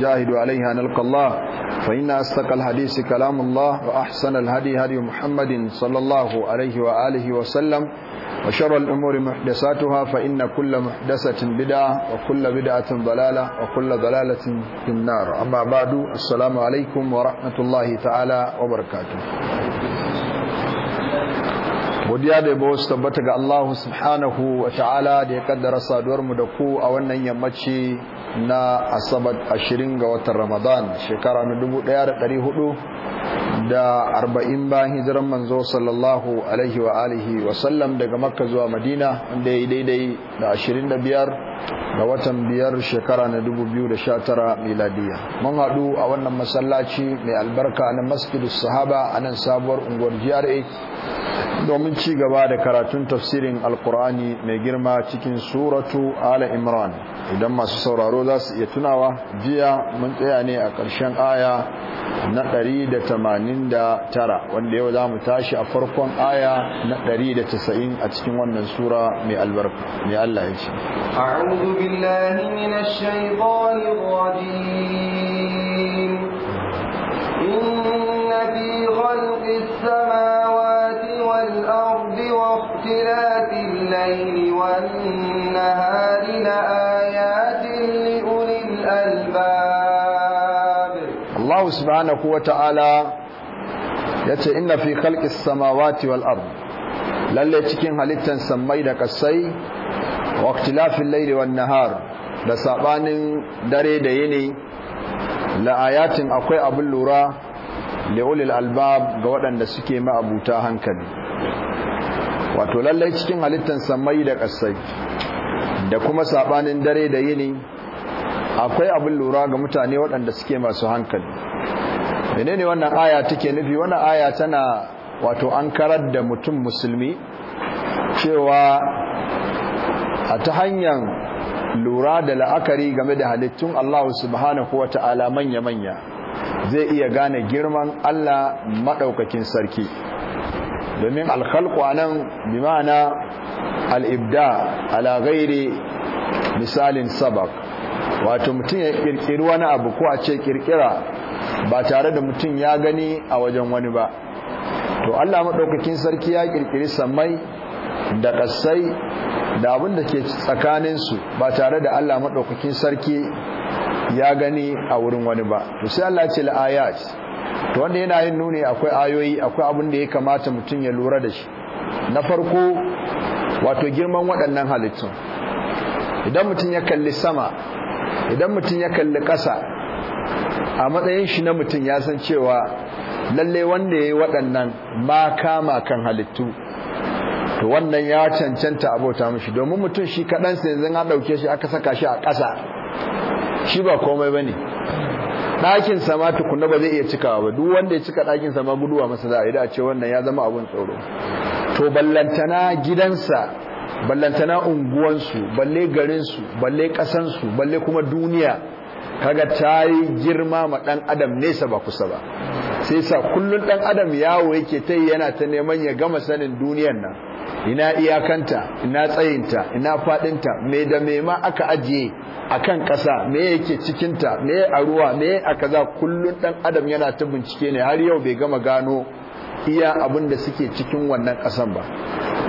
جاهد عليها نلقى الله فإن أصدق الحديث كلام الله وأحسن الهدي هدي محمد صلى الله عليه وآله وسلم وشر الأمور محدثاتها فإن كل محدثة بدعة وكل بدعة ضلالة وكل ضلالة في النار أما بعد السلام عليكم ورحمة الله تعالى وبركاته godiya da yabo su tabbata ga Allah subhanahu wa ta'ala da ya kaddara saduwar mu da ku a wannan yammaci na asabar ashirin ga watan Ramadan shekara na 1400 da arba'in bayan hijiran manzo sallallahu alaihi wa alihi wa sallam daga makka zuwa madina wanda ya yi daidai da ashirin da biyar ga watan biyar shekara na dubu biyu da sha tara miladiya mun haɗu a wannan masallaci mai albarka na masjidus sahaba a nan sabuwar unguwar GRA domin ci gaba da karatun tafsirin alkur'ani mai girma cikin suratu ala imran idan masu sauraro za su iya tunawa jiya mun tsaya ne a ƙarshen aya na ɗari da tamanin 89 wanda yau zamu tashi a farkon aya na 190 a cikin wannan sura mai albarka ne Allah ya ce a'udhu billahi minash shaitanir rajim inna fi khalqis samawati wal ardi wa ikhtilafil layli wan nahari la ayatin li ulil albab Allah subhanahu wa ta'ala Ya ce ina fi kalki samawati wal ard lalle cikin halittan sammai da kasai wa lafin layli wan nahar da sabanin dare da yini la ayatin akwai abin lura da ulil albab ga waɗanda suke ma'abuta hankali wato lalle cikin halittan sammai da kasai da kuma sabanin dare da yini akwai abin lura ga mutane waɗanda suke masu hankali menene wannan aya take nufi wannan aya tana wato an karar da mutum musulmi cewa a ta hanyar lura da la'akari game da halittun Allah subhanahu wata'ala manya-manya zai iya gane girman Allah maɗaukakin sarki domin alkhalku nan bimana al'ibda ala gairi misalin sabak wato mutum ya ƙirƙiri wani abu ko a ce ƙirƙira. ba tare da mutum ya gani a wajen wani ba to Allah maɗaukakin sarki ya ƙirƙiri samai da kasai da abin da ke tsakaninsu ba tare da Allah maɗaukakin sarki ya gani a wurin wani ba to sai Allah ce al-ayat to wanda yana yin nuni akwai ayoyi akwai abin da ya kamata mutum ya lura da shi na farko wato girman waɗannan halittun idan mutum ya kalli sama idan mutum ya kalli ƙasa a matsayin shi na mutum ya san cewa lalle wanda ya yi waɗannan ma kama kan halittu to wannan ya cancanta abota mashi domin mutum shi kaɗan yanzu an ɗauke shi aka saka shi a ƙasa shi ba komai ba ne ɗakin sama tukuna ba zai iya cikawa ba duk wanda ya cika ɗakin sama guduwa masa za a yi da ce wannan ya zama abun tsoro to ballantana gidansa ballantana unguwansu balle garinsu balle ƙasansu balle kuma duniya kaga ta yi girma ma ɗan adam nesa ba kusa ba sai sa kullum ɗan adam yawo yake ta yana ta neman ya gama sanin duniyan nan ina iyakanta ina tsayinta ina faɗinta me da me ma aka ajiye a kan ƙasa me yake cikinta me a ruwa me a kaza kullum ɗan adam yana ta bincike ne har yau bai gama gano iya abin da suke cikin wannan ƙasan ba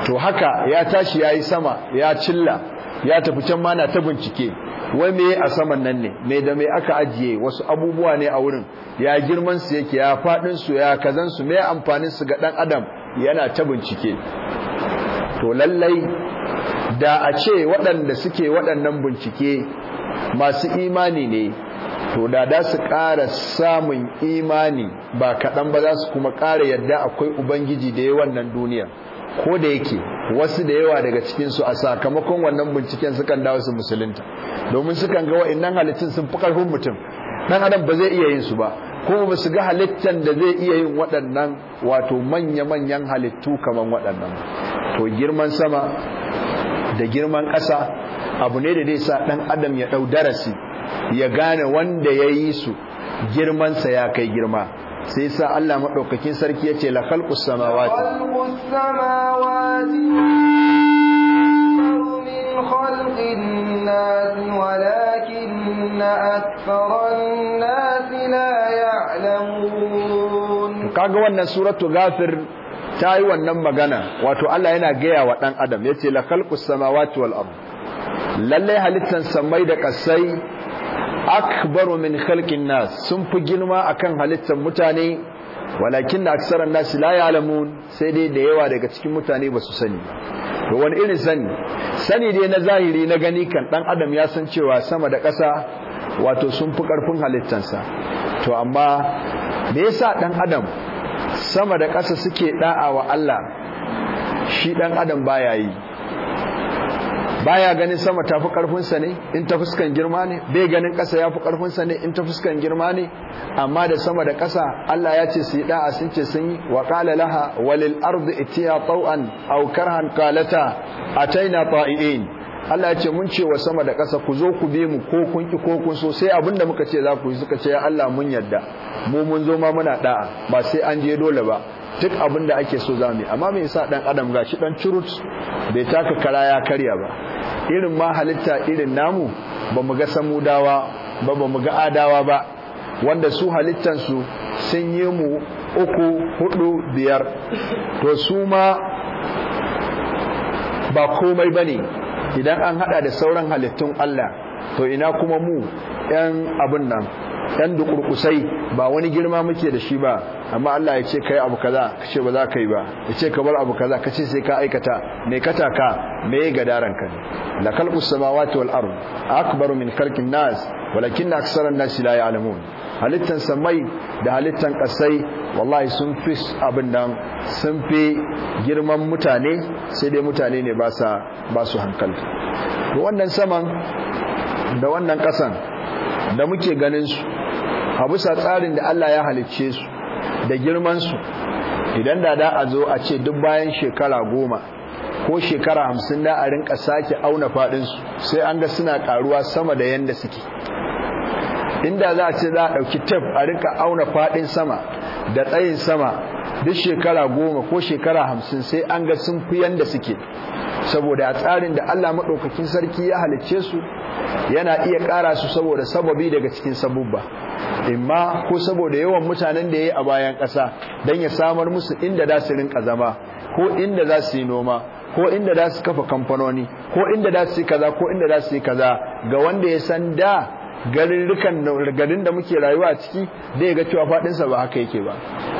to haka ya tashi ya yi sama ya cilla ya tafi can ma na ta bincike wai me a saman nan ne me da me aka ajiye wasu abubuwa ne a wurin ya girman su yake ya fadin su ya kazan su mai amfanin su ga dan adam yana ta bincike to lallai da a ce waɗanda suke waɗannan bincike masu imani ne to da da su ƙara samun imani ba kaɗan ba za su kuma ƙara yadda akwai ubangiji da ya wannan duniya ko da yake wasu da yawa daga cikin su a sakamakon wannan binciken sukan dawo su musulunta domin sukan ga wa'annan halittun sun fi karfin mutum dan adam ba zai iya yin su ba kuma ba su ga halittan da zai iya yin waɗannan wato manya-manyan halittu kamar waɗannan to girman sama da girman ƙasa abu ne da zai sa ɗan adam ya ɗau darasi ya gane wanda ya yi su girmansa ya kai girma sai sa Allah maɗaukakin sarki yace la khalqus samawati خلق الناس kaga wannan suratu gafir. ta yi wannan magana wato Allah yana gaya wa ɗan adam ya ce lakalkus samawati wal abu lallai halittar samai da ƙasai akbaru min khalqin nas sun fi girma akan halittar mutane walakin da aksaran nas la ya'lamun sai dai da yawa daga cikin mutane ba su sani to wani irin sani sani dai na zahiri na gani kan ɗan adam ya san cewa sama da ƙasa wato sun fi ƙarfin halittansa to amma me yasa ɗan adam sama da ƙasa suke da'a wa Allah shi ɗan adam baya yi baya ganin sama ta fi ƙarfinsa ne in ta fuskan girma ne bai ganin ƙasa ya fi ƙarfinsa ne in ta fuskan girma ne amma da sama da ƙasa Allah ya ce su yi da'a sun ce sun yi wa ƙala laha walil ardi itiya aukar hankalata hankalata a taina ta'i'in Allah ya ce mun ce wa sama da ƙasa ku zo ku bi mu ko kun ki ko kun so sai abinda muka ce za ku yi suka ce ya Allah mun yarda mu mun zo ma muna da'a ba sai an je dole ba duk abinda ake so za mu amma me yasa dan adam gashi dan curut bai taka kara ya karya ba irin ma halitta irin namu ba mu ga samudawa ba ba mu ga adawa ba wanda su halittansu sun yi mu uku hudu biyar to su ma ba komai bane idan an hada da sauran halittun Allah to ina kuma mu yan abin nan dan dukurkusai ba wani girma muke da shi ba amma Allah ya ce kai abu kaza kace ba za ka yi ba ya ce ka bar abu kaza kace sai ka aikata me kata ka me daren ka la khalqus samawati wal ard akbaru min kalkin nas walakin aksaran nas la ya'lamun halittan samai da halittan kasai wallahi sun fi abin nan sun fi girman mutane sai dai mutane ne ba sa ba su hankali to wannan saman da wannan kasan da muke ganin su a bisa tsarin da Allah ya halicce su da girman su idan da da a zo a ce duk bayan shekara goma ko shekara hamsin da a rinka sake auna faɗinsu sai an ga suna ƙaruwa sama da yanda suke inda za a ce za a ɗauki tef a rinka auna faɗin sama da tsayin sama duk shekara goma ko shekara hamsin sai an ga sun fi yanda suke saboda a tsarin da Allah maɗaukakin sarki ya halicce su yana iya ƙara su saboda sababi daga cikin sabubba imma ko saboda yawan mutanen da ya yi a bayan ƙasa don ya samar musu inda za su rinka zama ko inda za su yi noma ko inda za su kafa kamfanoni ko inda za su yi kaza ko inda za su yi kaza ga wanda ya san da garin da muke rayuwa a ciki dai ga cewa sa ba haka yake ba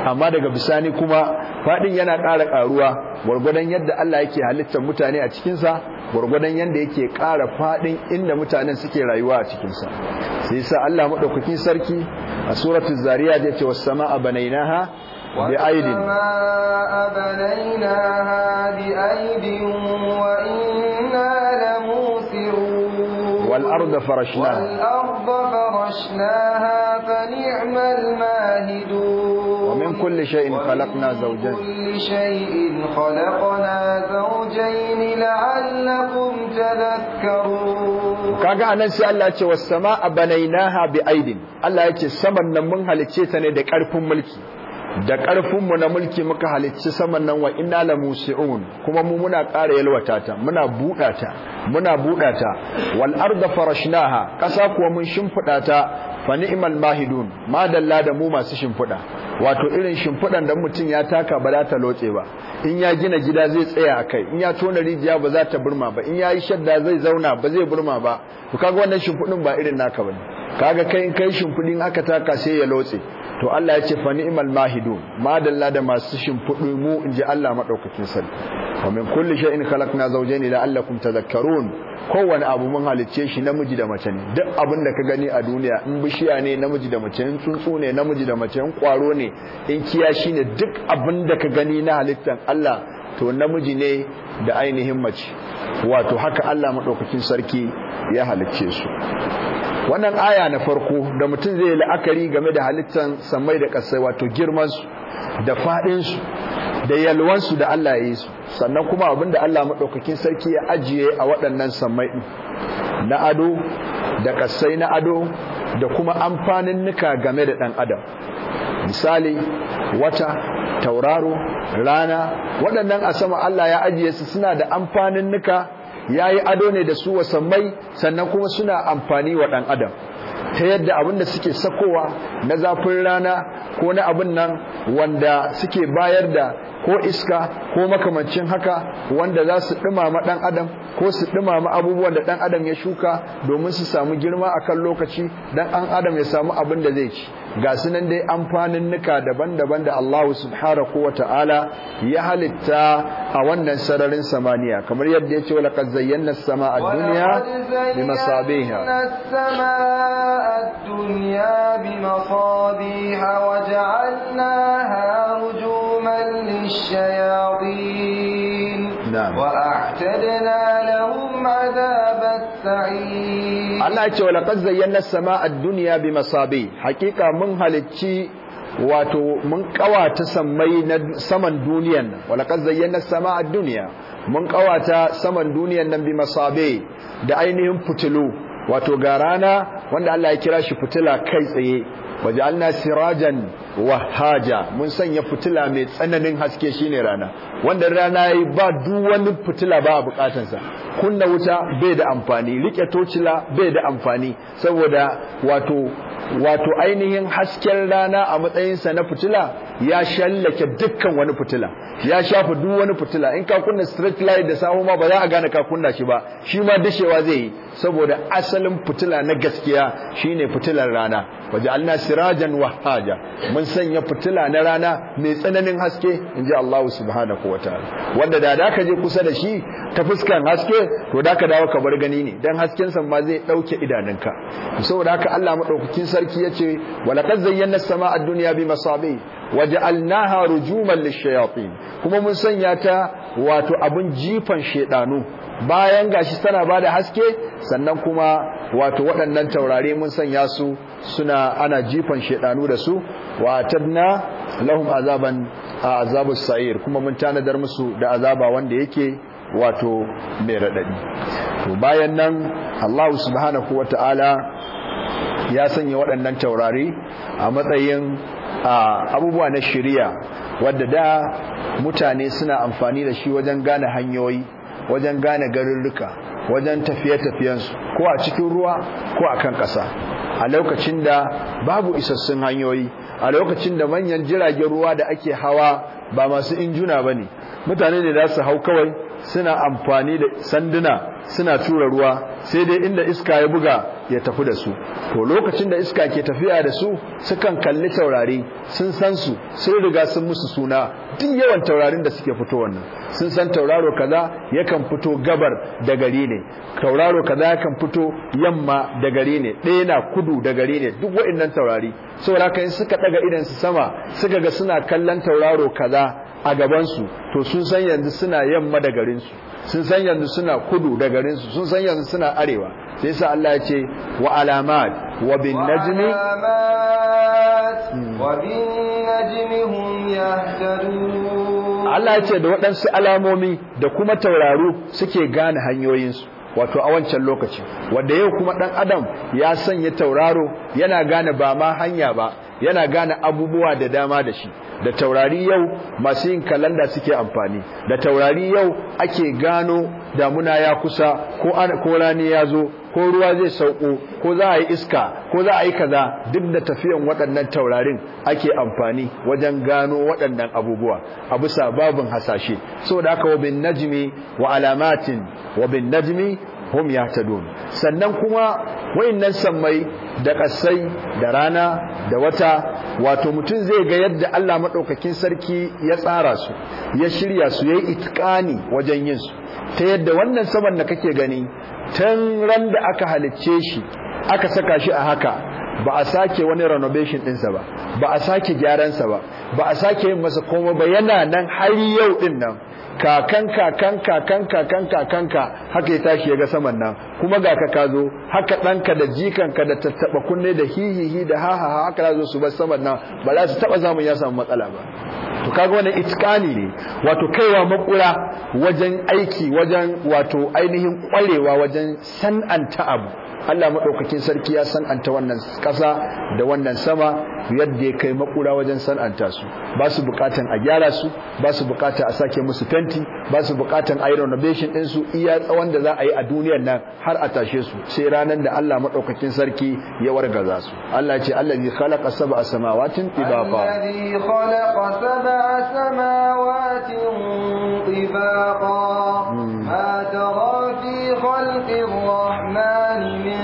amma daga bisani kuma fadin yana ƙara ƙaruwa gwargwadon yadda Allah yake halittar mutane a cikinsa gwargwadon yadda yake ƙara fadin inda mutanen suke rayuwa a cikinsa sai sa Allah maɗaukakin sarki a suratul zariyat yace was sama'a banainaha bi aidin wa والأرض فرشناها والأرض فرشناها فنعم الماهدون ومن كل شيء خلقنا زوجين كل شيء خلقنا زوجين لعلكم تذكرون kaga anan sai Allah ya ce was samaa banainaha bi aidin Allah ya ce saman nan mun halice ta ne da karfin mulki da ƙarfinmu na mulki muka halicci saman nan wa inna la musi'un kuma mu muna ƙara yalwata ta muna buɗa ta muna buɗa ta wal arda farashnaha ƙasa kuwa mun shimfiɗa ta fa ni'mal mahidun madalla da mu masu shimfiɗa wato irin shimfiɗan da mutum ya taka ba za ta lotse ba in ya gina gida zai tsaya akai kai in ya tona rijiya ba za ta burma ba in ya yi shadda zai zauna ba zai burma ba to kaga wannan shimfiɗin ba irin naka bane kaga kai in kai shimfiɗin aka taka sai ya lotse to Allah ya ce fa ni'mal mahidu madalla da masu shimfiɗu mu in ji Allah maɗaukakin sarki wa min kulli shay'in khalaqna zawjayn la'allakum tadhakkarun kowane abu mun halicce shi namiji da mace ne duk abin da ka gani a duniya in bishiya ne namiji da mace in tsuntsu ne namiji da mace in kwaro ne in kiyashi ne duk abin da ka gani na halittan Allah to namiji ne da ainihin mace wato haka Allah maɗaukacin sarki ya halicce su wannan aya na farko da mutum zai la'akari game da halittan samai da ƙasai wato girmansu da faɗinsu da yalwansu da Allah ya yi su sannan kuma abin da Allah maɗaukakin sarki ya ajiye a waɗannan samai na ado da ƙasai na ado da kuma amfanin nuka game da ɗan adam misali wata tauraro rana waɗannan a sama Allah ya ajiye su suna da amfanin nuka Ya yi ado ne da su wasammai sannan kuma suna amfani wa ɗan adam ta yadda abin da suke sakowa na zafin rana ko na abin nan wanda suke bayar da ko iska ko makamancin haka wanda za su ɗumama ɗan adam ko su ɗumama abubuwan da ɗan adam ya shuka domin su samu girma a kan lokaci dan ɗan adam ya samu abin da zai ci ga su nan dai amfanin nuka daban-daban da Allah subhanahu wa ta'ala ya halitta a wannan sararin samaniya kamar yadda ya ce wa laqad zayyana as-samaa ad-dunya bi masabiha rujuman lish نعم وأعتدنا لهم عذاب السعير الله يقول ولقد زينا السماء الدنيا بمصابي حقيقة من هلتشي wato mun kawata sammai na saman duniyan nan walaqad zayyana samaa ad-dunya mun kawata saman duniyan nan bi masabe da ainihin fitilu wato ga rana wanda Allah ya kira shi fitila kai tsaye waja'alna sirajan wahaja mun sanya fitila mai tsananin haske shine rana wanda rana yi ba duk wani fitila ba a bukatansa kunna wuta bai da amfani rike tocila bai da amfani saboda wato wato ainihin hasken rana a matsayinsa na fitila ya shallake dukkan wani fitila ya shafa duk wani fitila in ka kunna street light da samu ma ba za a gane ka kunna shi ba shi ma dashewa zai yi saboda asalin fitila na gaskiya shine fitilar rana waja'alna sirajan wahaja mun sanya fitila na rana mai tsananin haske in ji Allah subhanahu wataala wanda da da ka je kusa da shi ta fuskan haske to da ka dawo ka bar gani ne dan hasken sa ma zai dauke idanunka saboda haka Allah madaukakin sarki yace walaqad zayyana as-samaa ad-dunya bi masabi waja'alnaha rujuman lish-shayatin kuma mun sanya ta wato abun jifan shedanu bayan gashi tana bada haske sannan kuma wato waɗannan taurare mun sanya su suna ana jifan shedanu da su wa tadna lahum azaban azabus sa'ir kuma mun tanadar musu da azaba wanda yake wato mai radadi to bayan nan Allah subhanahu wata'ala ya sanya waɗannan taurare a matsayin abubuwa na shari'a wadda da mutane suna amfani da shi wajen gane hanyoyi wajen gane garurruka wajen tafiye-tafiyensu ko a cikin ruwa ko a kan ƙasa a lokacin da babu isassun hanyoyi a lokacin da manyan jiragen ruwa da ake hawa ba masu injuna ba ne mutane ne za su hau kawai suna amfani da sanduna suna tura ruwa sai dai inda iska ya buga ya tafi da su to lokacin da iska ke tafiya da su sukan kalli taurari sun san su sun riga sun musu suna duk yawan taurarin da suke fito wannan sun san tauraro kaza yakan fito gabar da gari ne tauraro kaza yakan fito yamma da gari ne ɗaya na kudu da gari ne duk waɗannan taurari saboda haka in suka ɗaga idan su sama suka ga suna kallon tauraro kaza a gabansu to sun san yanzu suna yamma da garinsu sun san yanzu suna kudu da garinsu sun san yanzu suna arewa sai sa Allah ya ce wa alamat wa bin najmi wa bin najmi hum Allah ya ce da waɗansu alamomi da kuma tauraro suke gane hanyoyinsu wato a wancan lokaci wanda yau kuma dan adam ya sanya tauraro yana gane ba ma hanya ba yana gane abubuwa da dama da shi da taurari yau masu yin kalanda suke amfani da taurari yau ake gano damuna ya kusa ko ko rani ya zo ko ruwa zai sauko ko za a yi iska ko za a yi kaza duk da tafiyan waɗannan taurarin ake amfani wajen gano waɗannan abubuwa a bisa babin hasashe saboda haka wa bin najmi wa alamatin wa bin najmi hum yahtadun sannan kuma wayannan sammai da kasai da rana da wata wato mutum zai ga yadda Allah madaukakin sarki ya tsara su ya shirya su yayi itqani wajen yin su ta yadda wannan saman da kake gani tun ran da aka halicce shi aka saka shi a haka ba a sake wani renovation dinsa ba ba a sake gyaransa ba ba a sake yin masa koma ba yana nan har yau din nan kakan kakan kakan kakan ka haka ya tashi ya ga saman nan kuma ga ka ka zo haka ɗanka da jikanka da tattaɓa kunne da hihihi da ha ha haka za zo su bar saman nan ba za su taɓa zamun ya samu matsala ba to kaga wannan itqani ne wato kaiwa makura wajen aiki wajen wato ainihin kwarewa wajen san'anta abu Allah madaukakin sarki ya san'anta wannan kasa da wannan sama yadda ya kai makura wajen san'anta su ba su bukatun a gyara su ba su bukata a sake musu tanti ba su bukatun a yi renovation din su iya tsawon da za a yi a duniyar nan har a tashe su sai ranar da Allah madaukakin sarki ya wargaza su Allah ce Allah khalaqa sab'a samawatin tibaqa khalaqa sab'a samawatin tibaqa hmm. ma خلق الرحمن من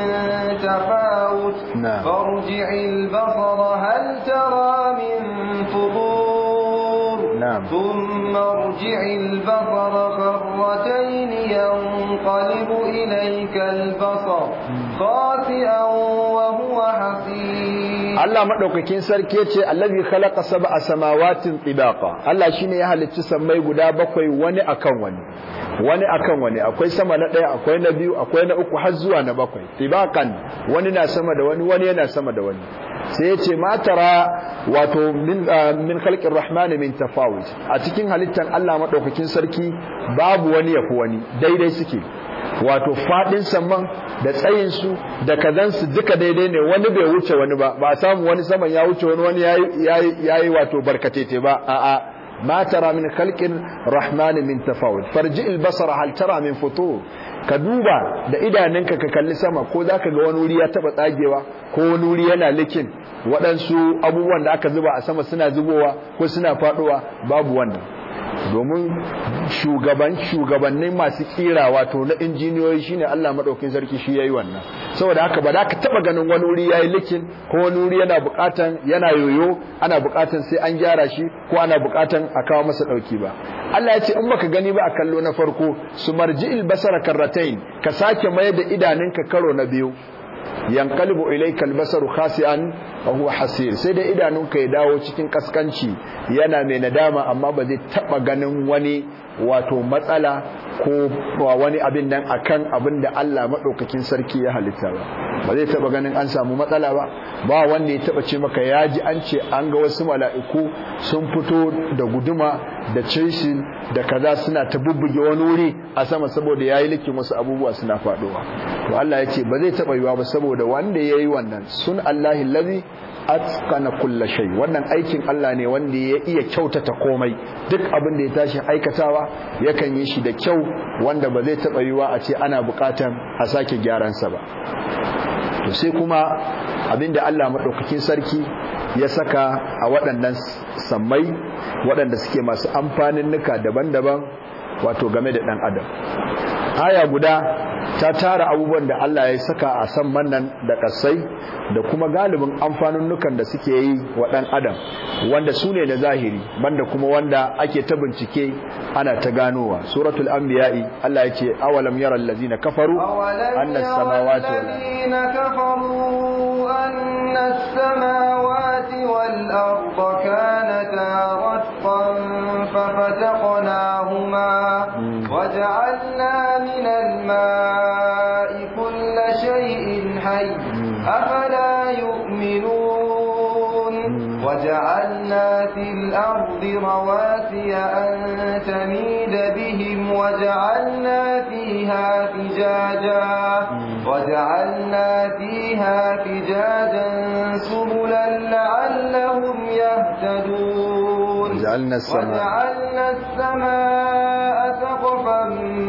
تفاوت نعم. فارجع البصر هل ترى من فطور نعم. ثم ارجع البصر كرتين ينقلب إليك البصر خاسئا وهو حسير Allah madaukakin sarki yace allazi khalaqa sab'a samawatin tibaqa Allah shine ya halicci samai guda bakwai wani akan wani wani akan wani akwai sama na daya akwai na biyu akwai na uku har zuwa na bakwai tibaqan wani na sama da wani wani yana sama da wani sai yace ma tara wato min ah, min khalqir rahman min tafawuz a cikin halittan Allah madaukakin sarki babu wani yafi wani daidai suke wato fadin saman da tsayin su da kazansu duka daidai ne wani bai wuce wani ba ba samu wani saman ya wuce wani wani yayi yayi wato barkatete ba a'a ما tara min خلق الرحمن من تفاوت فرجع البصر hal tara min ka duba da idanunka ka kalli sama ko za ka ga wani wuri ya taba tsagewa ko wani wuri yana likin waɗansu abubuwan da aka zuba a sama suna zubowa ko suna faɗowa babu wannan domin shugaban shugabannin masu tsira wato na injiniyoyi shine Allah madaukakin sarki shi yayi wannan saboda haka ba za ka taba ganin wani wuri ya yi likin ko wani wuri yana bukatan yana yoyo ana bukatan sai an gyara shi ko ana bukatan a kawo masa dauki ba Allah ya ce in baka gani ba a kallo na farko sumarji'il basara karratain ka sake mayar da idanunka karo na biyu yanqalibu ilayka albasaru khasi'an huwa hasir sai idanun idanunka ya dawo cikin kaskanci yana mai nadama amma ba zai taba ganin wani wato matsala ko wani abin nan akan abin da Allah madaukakin sarki ya halitta ba ba zai taba ganin an samu matsala ba ba wanda ya taba ce maka yaji an ce an ga wasu mala'iku sun fito da guduma da chisel da kaza suna ta bubbuge wani wuri a sama saboda yayi likin wasu abubuwa suna faɗowa to Allah ya ce ba zai taba yiwa ba saboda wanda yayi wannan sun Allahi allazi atqana kulla shay wannan aikin Allah ne wanda ya iya kyautata komai duk abin da ya tashi aikatawa yakan yi shi da kyau wanda ba zai taba yiwa a ce ana bukatan a sake gyaran sa ba to sai kuma abinda Allah madaukakin sarki ya saka a waɗannan sammai waɗanda suke masu amfanin nuka daban-daban wato game da ɗan adam aya guda ta tara abubuwan da Allah ya saka a san mannan da ƙasai da kuma galibin amfanunnukan da suke yi wa ɗan adam wanda su ne na zahiri banda kuma wanda ake ta bincike ana ta ganowa suratul anbiya'i Allah ya ce awalam yara allazina kafaru annas samawati wal anna samawati وجعلنا من الماء كل شيء حي أفلا يؤمنون وجعلنا في الأرض رواسي أن تميد بهم وجعلنا فيها فجاجا وجعلنا فيها فجاجا سبلا لعلهم يهتدون وجعلنا السماء, وجعلنا السماء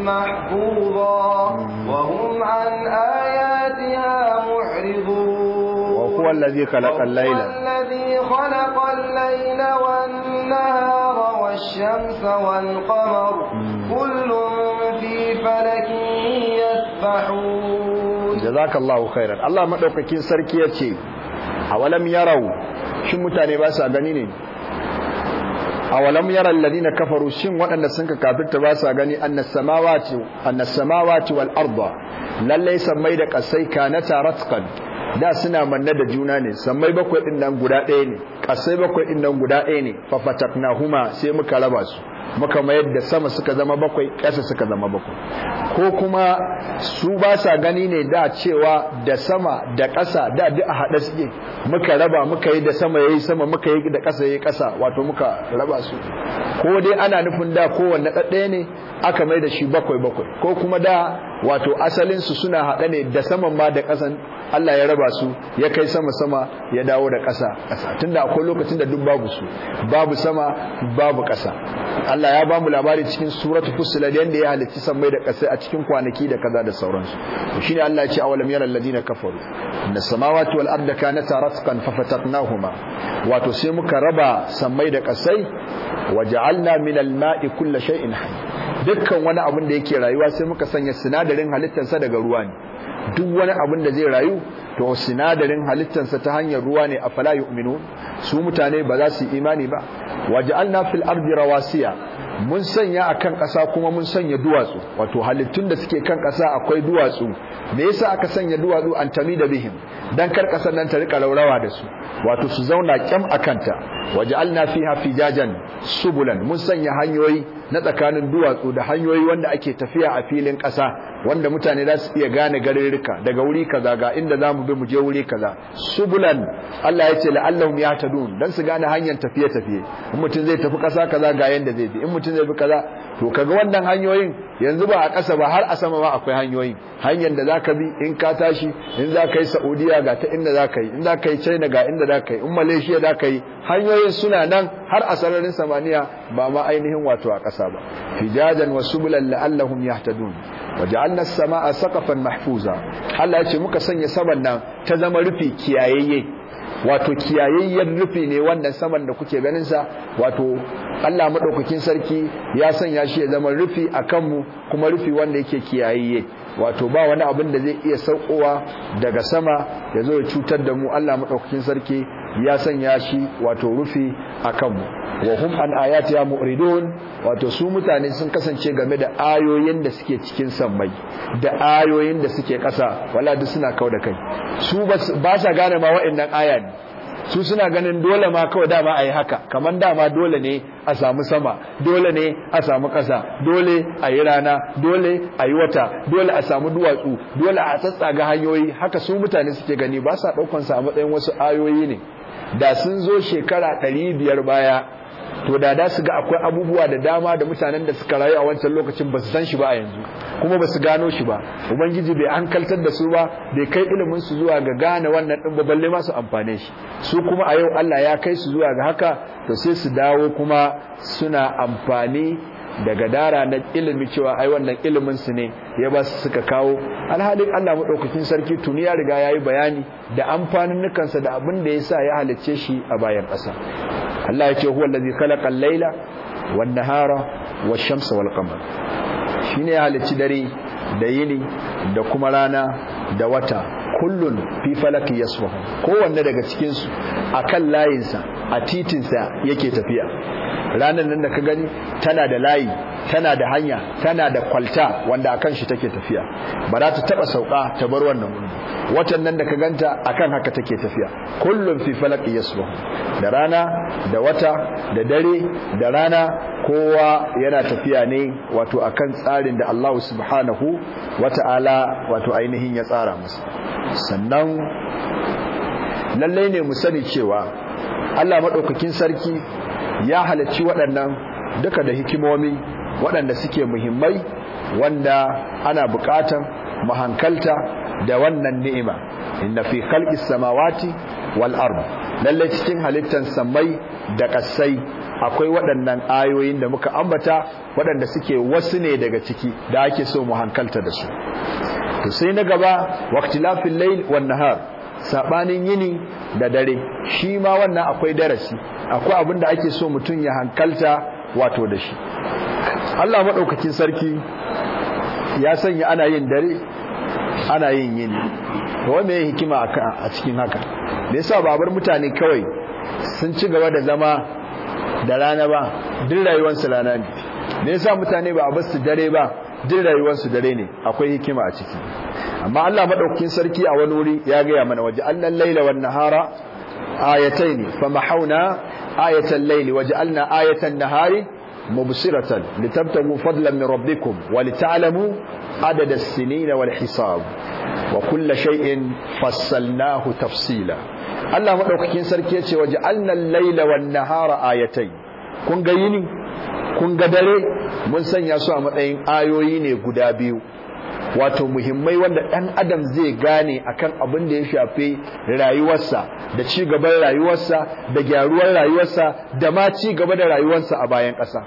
محفوظا وهم عن آياتها معرضون وهو الذي خلق الليل الذي خلق الليل والنهار والشمس والقمر كل في فلك يسبحون جزاك الله خيرا الله مدوكاكين سركي يتي أولم يروا شو متاني باسا غنيني awalam yara na kafaru shin waɗanda sun ka kafirta ba sa gani annas samawati annas samawati wal arda lallai sammai da kasai kanata ratqan da suna manne da juna ne Samai bakwai din nan guda ɗaya ne kasai bakwai din nan guda ɗaya ne na huma sai muka raba su muka mayar da sama suka zama bakwai ƙasa suka zama bakwai ko kuma su ba sa gani ne da cewa da sama da ƙasa da duk a haɗe suke muka raba muka yi da sama yayi sama muka yi da ƙasa yayi ƙasa wato muka raba su ko dai ana nufin da kowanne ɗaɗɗaya ne aka mai da shi bakwai bakwai ko kuma da wato asalinsu suna haɗa ne da saman ma da ƙasan Allah ya raba su ya kai sama sama ya dawo da ƙasa ƙasa tunda akwai lokacin da duk babu su babu sama babu ƙasa Allah ya ba mu labari cikin suratu da yanda ya halitta sammai da ƙasa a cikin kwanaki da kaza da sauransu to shine Allah ya ce awalam yaral ladina kafaru inna samawati wal arda kanata ratqan fafatatnahuma wato sai muka raba sammai da ƙasai waja'alna minal ma'i kulli shay'in hayy dukkan wani abin da yake rayuwa sai muka sanya sinadarin halittarsa daga ruwa ne duk wani abin da zai rayu to sinadarin halittarsa ta hanyar ruwa ne a afala minu su mutane ba za su imani ba Waje waja'alna fil ardi rawasiya mun sanya a kan ƙasa kuma mun sanya duwatsu wato halittun da suke kan ƙasa akwai duwatsu me yasa aka sanya duwatsu an tami da bihim dan kar ƙasar nan ta rika laurawa da su wato su zauna kyam a kanta waja'alna fiha fijajan subulan mun sanya hanyoyi na tsakanin duwatsu da hanyoyi wanda ake tafiya a filin ƙasa wanda mutane za su iya gane garirrika daga wuri kaza ga inda zamu bi mu je wuri kaza subulan Allah ya ce la'allahum yahtadun dan su gane hanyar tafiye tafiye in mutun zai tafi kasa kaza ga yanda zai bi in mutun zai bi kaza to kaga wannan hanyoyin yanzu ba a kasa ba har a sama ba akwai hanyoyin hanyar da zaka bi in ka tashi in zaka yi Saudiya ga ta inda zaka yi in zaka yi China ga inda zaka yi in Malaysia zaka yi hanyoyin suna nan har a sararin samaniya ba ma ainihin wato a kasa ba fijajan wasubulan la'allahum yahtadun waja'al ja'alna as-samaa saqafan mahfuza Allah ya muka sanya saman nan ta zama rufi kiyayayye wato kiyayayyen rufi ne wannan saman da kuke ganin sa wato Allah madaukakin sarki ya sanya shi ya zama rufi akan mu kuma rufi wanda yake kiyayayye wato ba wani abin da zai iya saukowa daga sama ya zo ya cutar da mu Allah madaukakin sarki ya sanya shi wato rufi a kanmu wa hum an ya mu'ridun wato su mutane sun kasance game da ayoyin da suke cikin sammai da ayoyin da suke ƙasa wala duk suna kau da kai su ba sa gane ma wa'annan aya ne su suna ganin dole ma kawai dama ayi haka kamar dama dole ne a samu sama dole ne a samu ƙasa dole a yi rana dole a yi wata dole a samu duwatsu dole a tsatsaga hanyoyi haka su mutane suke gani ba sa ɗaukansa a matsayin wasu ayoyi ne da sun zo shekara ɗari biyar baya to da da su ga akwai abubuwa da dama da mutanen da suka rayu a wancan lokacin ba su san shi ba a yanzu kuma ba su gano shi ba ubangiji bai hankaltar da su ba bai kai ilimin su zuwa ga gane wannan ɗin ba balle ma su amfane shi su kuma a yau Allah ya kai su zuwa ga haka to sai su dawo kuma suna amfani daga dara na ilimi cewa ai wannan ilimin su ne ya ba su suka kawo alhalin Allah madaukakin sarki tuni ya riga yayi bayani da amfanin nukansa da abin da yasa ya halicce shi a bayan ƙasa Allah ya ce huwa allazi khalaqal laila wan nahara wash-shamsa wal qamar shine ya halicci dare da yini da kuma rana da wata kullun fi falaki yaswa kowanne daga cikinsu su akan layinsa a titinsa yake tafiya ranar nan da ka gani tana da layi tana da hanya tana da kwalta wanda akan shi take tafiya ba za ta taba sauka ta bar wannan watan nan da ka ganta akan haka take tafiya kullum fi falaki yasbah da rana da wata da dare da rana kowa yana tafiya ne wato akan tsarin da Allah subhanahu wata'ala wato ainihin ya kara musu sannan lallai ne mu sani cewa Allah madaukakin sarki ya halarci waɗannan duka da hikimomi waɗanda suke muhimmai wanda ana buƙatan mahankalta da wannan ni'ima inna fi khalqis samawati wal ard lalle cikin halittan samai da ƙasai akwai waɗannan ayoyin da muka ambata waɗanda suke wasu ne daga ciki da ake so mu hankalta da su to sai na gaba waqtilafil layl wan nahar sabanin yini da dare shi ma wannan akwai darasi akwai abin da ake so mutum ya hankalta wato da shi Allah madaukakin sarki ya sanya ana yin dare ana yin yini to me hikima a cikin haka me yasa babar mutane kawai sun ci gaba da zama da rana ba duk rayuwarsa rana ne me yasa mutane ba a bar su dare ba duk rayuwarsu dare ne akwai hikima a ciki amma Allah madaukakin sarki a wani wuri ya gaya mana waje annal laila wan nahara ayatayn famahawna ayatal layli waja'alna ayatan nahari mubsiratan litabtagu fadlan min rabbikum مبصرة لتبتغوا فضلا من ربكم ولتعلموا عدد السنين والحساب وكل شيء فصلناه تفصيلا الله مدوكين سركي al-laila wan nahara ayatayn kun ga yini kun ga dare mun sanya su a matsayin ayoyi ne guda biyu wato muhimmai wanda ɗan adam zai gane akan abin da ya shafi rayuwarsa da ci gaban rayuwarsa da gyaruwar rayuwarsa da ma ci gaba da rayuwarsa a bayan ƙasa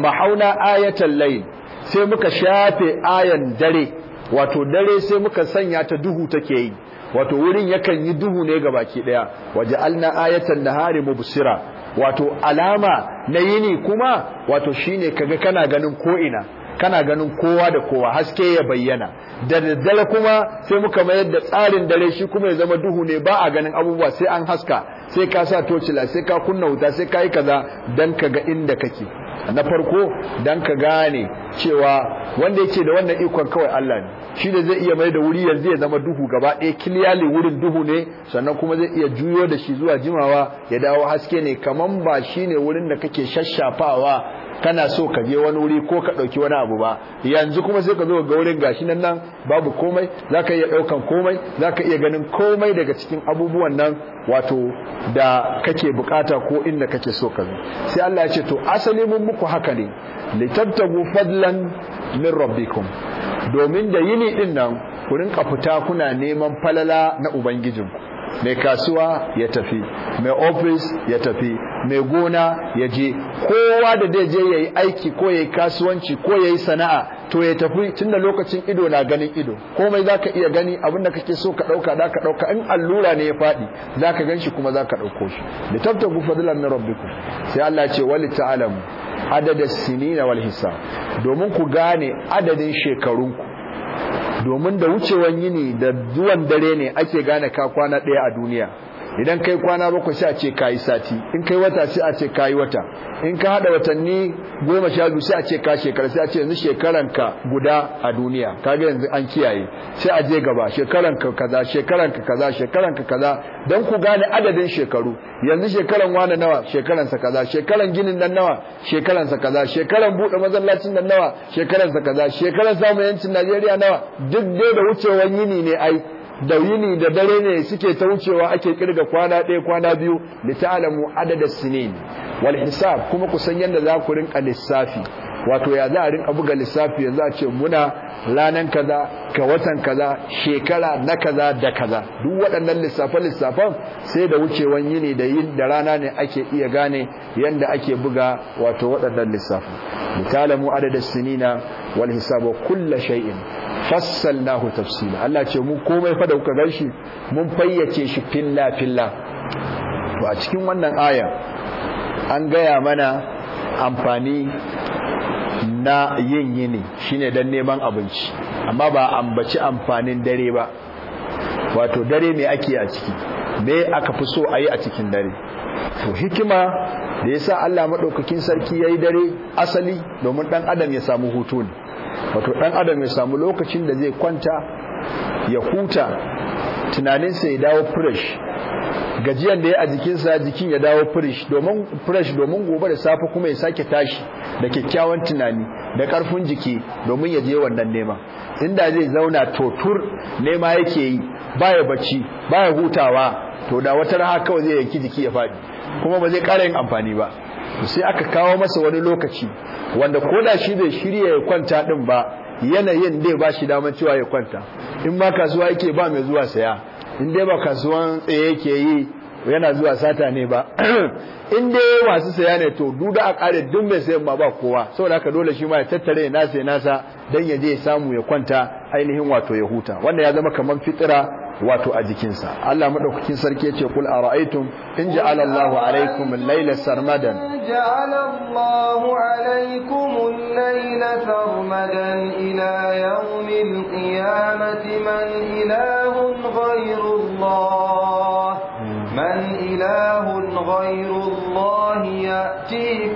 ma hauna ayatan layin sai muka shafe ayan dare wato dare sai muka sanya ta duhu take yi wato wurin yakan yi duhu ne ga baki daya waje alna ayatan nahari mubsira wato alama na yini kuma wato shine kaga kana ganin ko ina kana ganin kowa da kowa haske ya bayyana da daddare kuma sai muka mayar da tsarin dare shi kuma ya zama duhu ne ba a ganin abubuwa sai an haska sai ka sa tocila sai ka kunna wuta sai ka yi kaza dan kaga inda kake na farko dan ka gane cewa wanda yake da wannan ikon kawai Allah ne shi ne zai iya mai da wuri yanzu ya zama duhu gaba ɗaya kiliyali wurin duhu ne sannan kuma zai iya juyo da shi zuwa jimawa ya dawo haske ne kaman ba shi ne wurin da kake shashafawa kana so ka je wani wuri ko ka ɗauki wani abu ba yanzu kuma sai ka zo ga wurin gashi nan nan babu komai zaka iya ɗaukan komai zaka iya ganin komai daga cikin abubuwan nan wato da kake bukata ko inda kake so ka zo sai Allah ya ce to asali mun muku haka ne litabtagu fadlan min rabbikum domin da yini din nan ku rinka fita kuna neman falala na ubangijinku mai kasuwa ya tafi mai ofis ya tafi mai gona ya je kowa da dai je yayi aiki ko yayi kasuwanci ko yayi sana'a to ya tafi tunda lokacin ido na ganin ido komai zaka iya gani abinda kake so ka dauka da ka dauka in allura ne ya fadi zaka ganshi kuma zaka dauko shi da tabtabu na min rabbikum sai Allah ce wali ta'alamu adada sinina wal hisab domin ku gane adadin shekarunku domin da wucewan yini da zuwan dare ne ake gane ka kwana ɗaya a duniya idan kai kwana bakwai sai a ce kayi sati in kai wata sai a ce kayi wata in ka hada watanni goma sha biyu sai a ce ka shekara sai a ce yanzu shekaranka guda a duniya kaga yanzu an kiyaye sai a je gaba shekaranka kaza shekaranka kaza shekaranka kaza dan ku gane adadin shekaru yanzu shekaran wani nawa shekaransa kaza shekaran ginin nan nawa shekaransa kaza shekaran bude mazallacin nan nawa shekaransa kaza shekaran samun yancin Najeriya nawa duk dai da wucewan yini ne ai da yini da dare ne suke ta wucewa ake kirga kwana ɗaya kwana biyu ta alamu adada sinin wal kuma ku san yadda za ku rinka lissafi wato ya za a rinka buga lissafi yanzu a ce muna ranar kaza ka watan kaza shekara na kaza da kaza duk waɗannan lissafe lissafan sai da wucewan ne da yin da rana ne ake iya gane yadda ake buga wato waɗannan lissafin mu adadin sinina wal hisabu kullu shay'in fassalnahu tafsila Allah ce mu komai fa da kuka ganshi mun fayyace shi filla filla to a cikin wannan aya an gaya mana amfani na yin yini shine dan neman abinci amma ba a ambaci amfanin dare ba wato dare me ake a ciki me aka fi so yi a cikin dare to hikima da yasa Allah madaukakin sarki ya yi dare asali domin ɗan adam ya samu hutu ne wato ɗan adam ya samu lokacin da zai kwanta ya huta tunaninsa ya dawo fresh gajiyan da ya a jikinsa jikin ya dawo fresh domin gobe da safe kuma ya sake tashi da kyakkyawan tunani da karfin jiki domin ya je wannan nema inda zai zauna totur nema yake yi baya bacci baya hutawa to da wata raha kawai zai yanki jiki ya faɗi kuma ba zai ƙara yin amfani ba sai aka kawo masa wani lokaci wanda ko da shi bai shirya ya kwanta din ba yanayin dai ba shi damar cewa ya kwanta in ma kasuwa yake ba mai zuwa saya in dai ba kasuwan tsaye yake yi yana zuwa sata ne ba in dai masu saya ne to duda a kare duk mai sayan ma ba kowa saboda haka dole shi ma ya tattare ya nasa ya nasa dan ya je samu ya kwanta ainihin wato ya huta wannan ya zama kamar fitira wato a jikinsa Allah madaukakin sarki yace kul ara'aytum in ja'ala Allahu alaykum al-layla sarmadan ja'ala Allahu alaykum al-layla sarmadan ila yawmil qiyamati man ila غير الله يأتيكم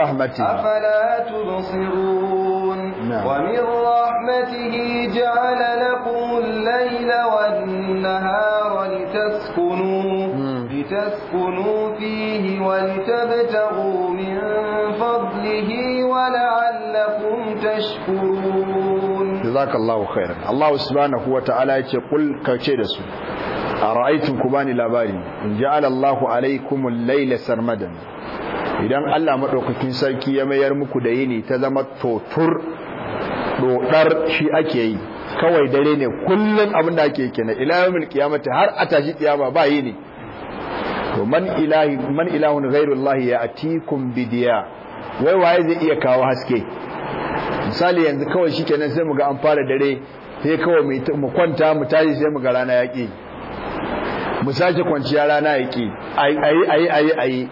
رحمته أفلا تبصرون نعم. ومن رحمته جعل لكم الليل والنهار لتسكنوا مم. لتسكنوا فيه ولتبتغوا من فضله ولعلكم تشكرون جزاك الله خيرا الله سبحانه وتعالى يقول كشيرسو أرأيتم كباني لاباري إن جعل الله عليكم الليل سرمدا idan Allah maɗaukakin sarki ya mayar muku da yini ta zama totur dodar shi ake yi kawai dare ne kullum abin da ake kenan ila yawmil mata har a tashi kiyama ba yini to man ilahun ghairullahi ya atikun bidiya wai waye zai iya kawo haske misali yanzu kawai shi kenan sai mu an fara dare sai kawai mu kwanta mu tashi sai mu rana yaƙi mu sake kwanciya rana yaƙi ayi ayi ayi ayi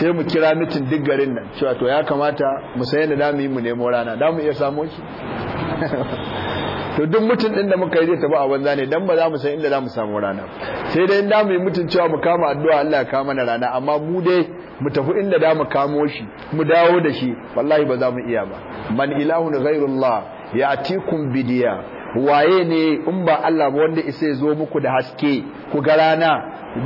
sai mu kira mitin duk garin nan cewa to ya kamata mu sai da damu yi mu nemo rana da mu iya samo shi to duk mutum din da muka yi zai tafi a banza ne dan ba za mu san inda za mu samu rana sai dai da mu yi mutum cewa mu kama addu'a Allah ya kawo mana rana amma mu dai mu tafi inda da mu kamo shi mu dawo da shi wallahi ba za mu iya ba man ilahun ghairullah ya'tikum bidiya waye ne in ba Allah ba wanda isa ya zo muku da haske ku ga rana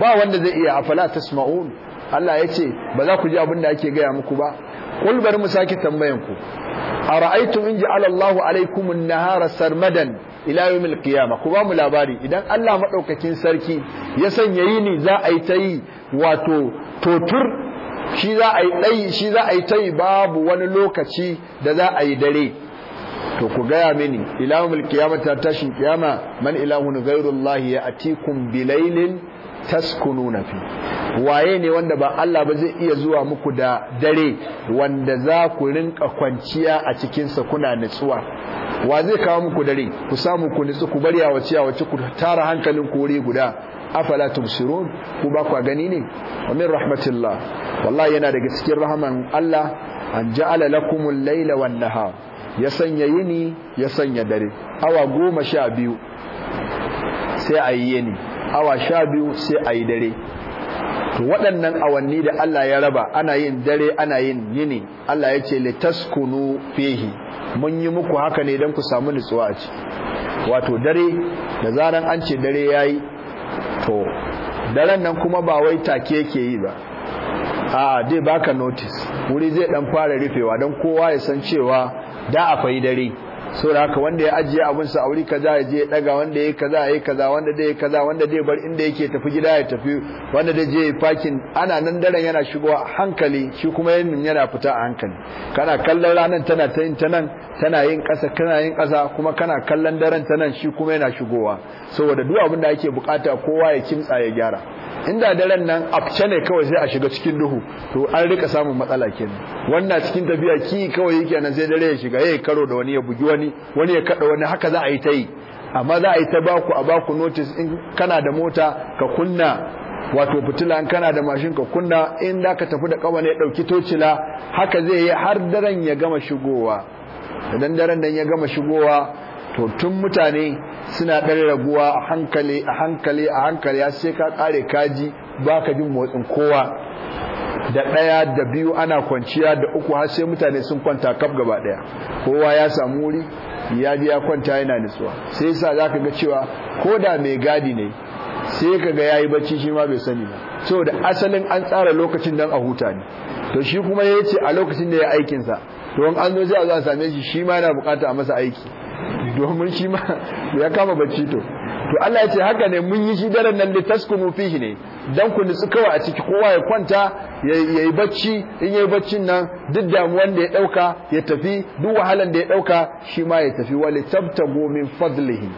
ba wanda zai iya afala tasma'un Allah ya ce ba za ku ji abin da ake gaya muku ba kul bari mu sake tambayan ku ara'aytum in ja'ala Allahu alaykum an-nahara sarmadan ila yawmil qiyamah ku ba mu labari idan Allah madaukakin sarki ya sanya yini za a yi ta yi wato totur shi za a yi dai shi za a yi ta yi babu wani lokaci da za a yi dare to ku gaya mini ila yawmil qiyamah ta tashin kiyama man ilahun ghayrullahi ya'tikum bilailin taskununa fi waye ne wanda ba Allah ba zai iya zuwa muku da dare wanda za ku rinka kwanciya a cikinsa kuna nutsuwa wa zai kawo muku dare ku samu ku nutsu ku bari yawa wace ku tara hankalin ku wuri guda afala tubsirun ku ba ku gani ne wa min wallahi yana daga cikin rahman Allah an ja'ala lakumul Laila wan nahar ya sanya yini ya sanya dare awa goma sha biyu sai a yini awa sha biyu sai a yi dare to waɗannan awanni da Allah ya raba ana yin dare ana yin yini Allah ya ce litaskunu fihi mun yi muku haka ne don ku samu nutsuwa ci wato dare da zaran an ce dare yayi to daren nan kuma ba wai take yake yi ba a dai baka notice wuri zai dan fara rufewa don kowa ya san cewa da akwai dare saboda haka wanda ya ajiye abin sa auri kaza ya je daga wanda ya kaza ya kaza wanda dai kaza wanda dai bar inda yake tafi gida ya tafi wanda dai je parking ana nan daren yana shigowa hankali shi kuma yana fita a hankali kana kallon ranar tana ta yin ta nan tana yin kasa kana yin kasa kuma kana kallon daren ta nan shi kuma yana shigowa saboda duk abin da ake bukata kowa ya kimtsa ya gyara inda daren nan afce ne kawai sai a shiga cikin duhu to an rika samun matsala kenan wannan cikin tafiya ki kawai yake nan sai dare ya shiga yayi eh, karo da wani ya bugi wani wani ya kada wani haka za a yi ta yi amma za a yi ta ba ku a ba ku notice in kana da mota ka kunna wato fitila in kana da mashin ka kunna in da ka tafi da kawane ya dauki tocila haka zai yi har daren ya gama shigowa idan daren nan ya gama shigowa to tun mutane suna ɗan raguwa a hankali a hankali a hankali ya sai ka ƙare kaji ba ka jin motsin kowa da ɗaya da biyu ana kwanciya da uku har sai mutane sun kwanta kaf gaba ɗaya kowa ya samu wuri ya ji ya kwanta yana nutsuwa sai sa za ka ga cewa ko da mai gadi ne sai ka ga ya yi bacci shi ma bai sani ba da asalin an tsara lokacin don a huta ne to shi kuma ya ce a lokacin da ya aikinsa to an zo sai a za a same shi shi ma yana bukata a masa aiki domin shi ma ya kama bacci to to Allah ya ce haka ne mun yi shi daren nan litaskunu fihi ne dan ku nitsu kawa a ciki kowa ya kwanta yayi bacci in yayi baccin nan duk damuwan da ya dauka ya tafi duk wahalan da ya dauka shi ma ya tafi wali tabtagu min fadlihi